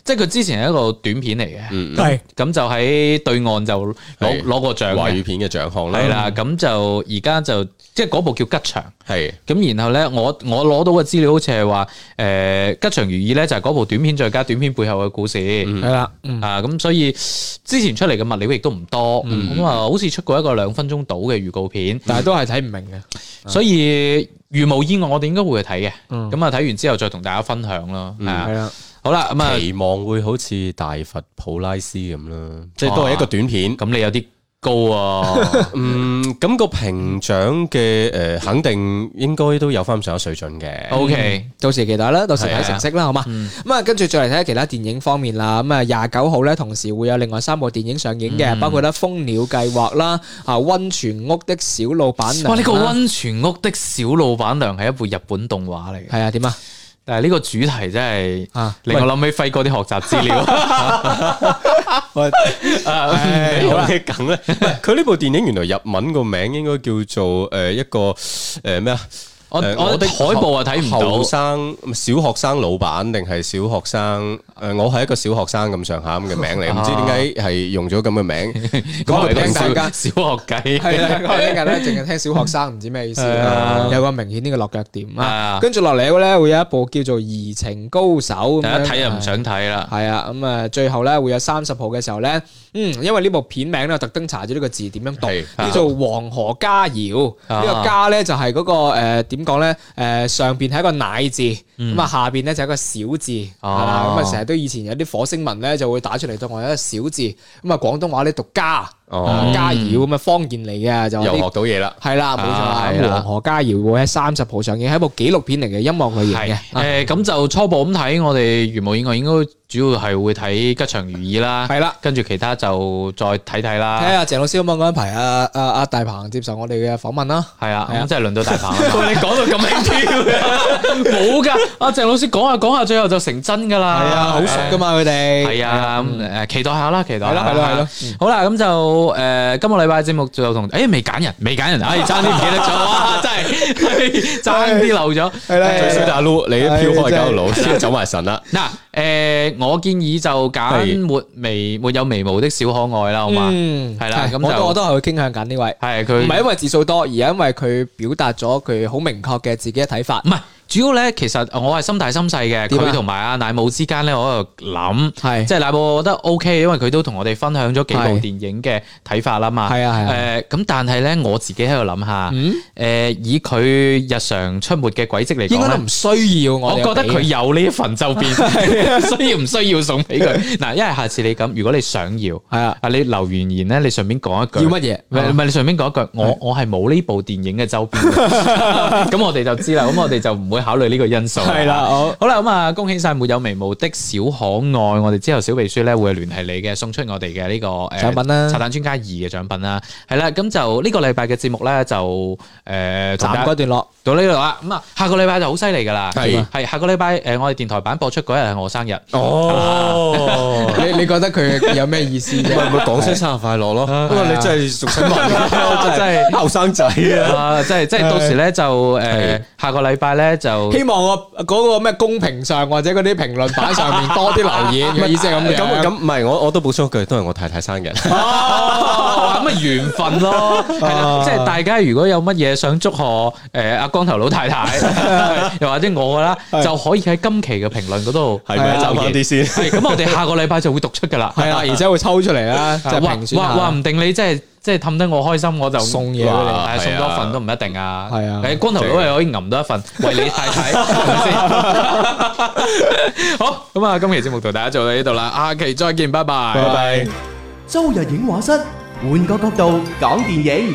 即係佢之前係一個短片嚟嘅，係咁就喺對岸就攞攞個獎華語片嘅獎項啦，係啦，咁就而家就即係嗰部叫《吉祥》，係咁然後咧，我我攞到嘅資料好似係話，誒，《吉祥如意》咧就係嗰部短片再加短片背後嘅故事，係啦，啊咁所以之前出嚟嘅物料亦都唔多，咁啊好似出過一個兩分鐘到嘅預告片，但係都係睇唔明嘅，所以如無意外我哋應該會去睇嘅，咁啊睇完之後再同大家分享咯，係啊。好啦，期、嗯、望會好似大佛普拉斯咁啦，即係都係一個短片。咁你有啲高啊，嗯，咁、啊 嗯，那個評獎嘅誒，肯定應該都有翻上一水準嘅。O Okay K，、嗯、到時期待啦，到時睇成績啦，的好嘛。咁、嗯、啊，嗯、跟住再嚟睇下其他電影方面啦。咁、嗯、啊，廿九號咧，同時會有另外三部電影上映嘅，包括咧《蜂鳥計劃》啦，《啊温泉屋的小老闆娘》嗯。哇，呢、這個温泉屋的小老闆娘係一部日本動畫嚟嘅。係啊，點啊？但係呢個主題真係令我諗起費哥啲學習資料、啊，唔係咁咧。佢呢部電影原來日文個名應該叫做誒一個誒咩啊？呃呃我我哋海報啊睇唔到。後生小學生老闆定係小學生？誒，我係一個小學生咁上下咁嘅名嚟，唔知點解係用咗咁嘅名，講嚟聽大家小學計係啦，淨係聽小學生唔知咩意思啦，有個明顯呢個落腳點啊，跟住落嚟嗰咧會有一部叫做《移情高手》，大家睇又唔想睇啦，係啊，咁啊最後咧會有三十號嘅時候咧。.嗯，因為呢部片名咧，我特登查咗呢個字點樣讀，叫做的《黃河尕謠》的。呢個尕咧就係嗰、那個誒點講咧，誒、呃呃、上邊係一個乃字。咁啊，下邊咧就一個小字，咁啊成日都以前有啲火星文咧就會打出嚟，當我有一個小字，咁啊廣東話咧讀家，家搖咁啊方言嚟嘅就，又學到嘢啦，係啦，冇錯，黃河家搖會喺三十號上映，係一部紀錄片嚟嘅，音樂嚟嘅，誒，咁就初步咁睇，我哋粵舞演，藝應該主要係會睇吉祥如意啦，係啦，跟住其他就再睇睇啦，睇下鄭老師咁樣嗰一排啊啊啊大鵬接受我哋嘅訪問啦，係啊，咁即係輪到大鵬，你講到咁驚跳，冇噶。阿鄭老師講下講下，最後就成真噶啦，係啊，好熟噶嘛佢哋，係啊誒，期待下啦，期待啦，係咯，係咯，好啦，咁就誒，今個禮拜嘅節目最後同誒未揀人，未揀人，唉，爭啲唔記得咗啊，真係爭啲漏咗，係啦，最少就阿盧，你飄開老師，走埋神啦。嗱，誒，我建議就揀沒眉、沒有眉毛的小可愛啦，好嘛，係啦，咁我都我都係會傾向揀呢位，係佢，唔係因為字數多，而係因為佢表達咗佢好明確嘅自己嘅睇法，唔係。主要咧，其實我係心大心細嘅。佢同埋阿奶母之間咧，我喺度諗，即係奶母，我覺得 OK，因為佢都同我哋分享咗幾部電影嘅睇法啦嘛。係啊，誒咁，但係咧，我自己喺度諗下，誒以佢日常出沒嘅軌跡嚟講咧，應該都唔需要。我覺得佢有呢一份周邊，需要唔需要送俾佢？嗱，因為下次你咁，如果你想要，係啊，啊你留言咧，你順便講一句，要乜嘢？唔係你順便講一句，我我係冇呢部電影嘅周邊，咁我哋就知啦。咁我哋就唔會考慮呢個因素係啦，好啦咁啊，恭喜晒沒有眉毛的小可愛！我哋之後小秘書咧，會聯繫你嘅，送出我哋嘅呢個誒獎品啦，拆彈專家二嘅獎品啦，係啦，咁就呢個禮拜嘅節目咧，就誒暫歸段落到呢度啦。咁啊，下個禮拜就好犀利噶啦，係，係下個禮拜誒，我哋電台版播出嗰日係我生日哦。你你覺得佢有咩意思？咪講聲生日快樂咯。不過你真係熟新聞，真係後生仔啊！即係即係到時咧，就誒，下個禮拜咧。就希望我嗰個咩公屏上或者嗰啲評論板上面多啲留言，嘅意思係咁？咁唔係，我我都補充一句，都係我太太生日。哦，咁咪緣分咯，即係大家如果有乜嘢想祝賀誒阿光頭老太太，又或者我啦，就可以喺今期嘅評論嗰度係咪？就多啲先。係咁，我哋下個禮拜就會讀出噶啦。係啦，而且會抽出嚟啦。話話話唔定你真係。即係氹得我開心，我就送嘢，但係送多份都唔一定啊。係啊，你光頭佬係可以揞多一份，為你太太，係咪先？好，咁啊，今期節目同大家做到呢度啦，下期再見，拜拜，拜拜。周日影畫室，換個角度講電影。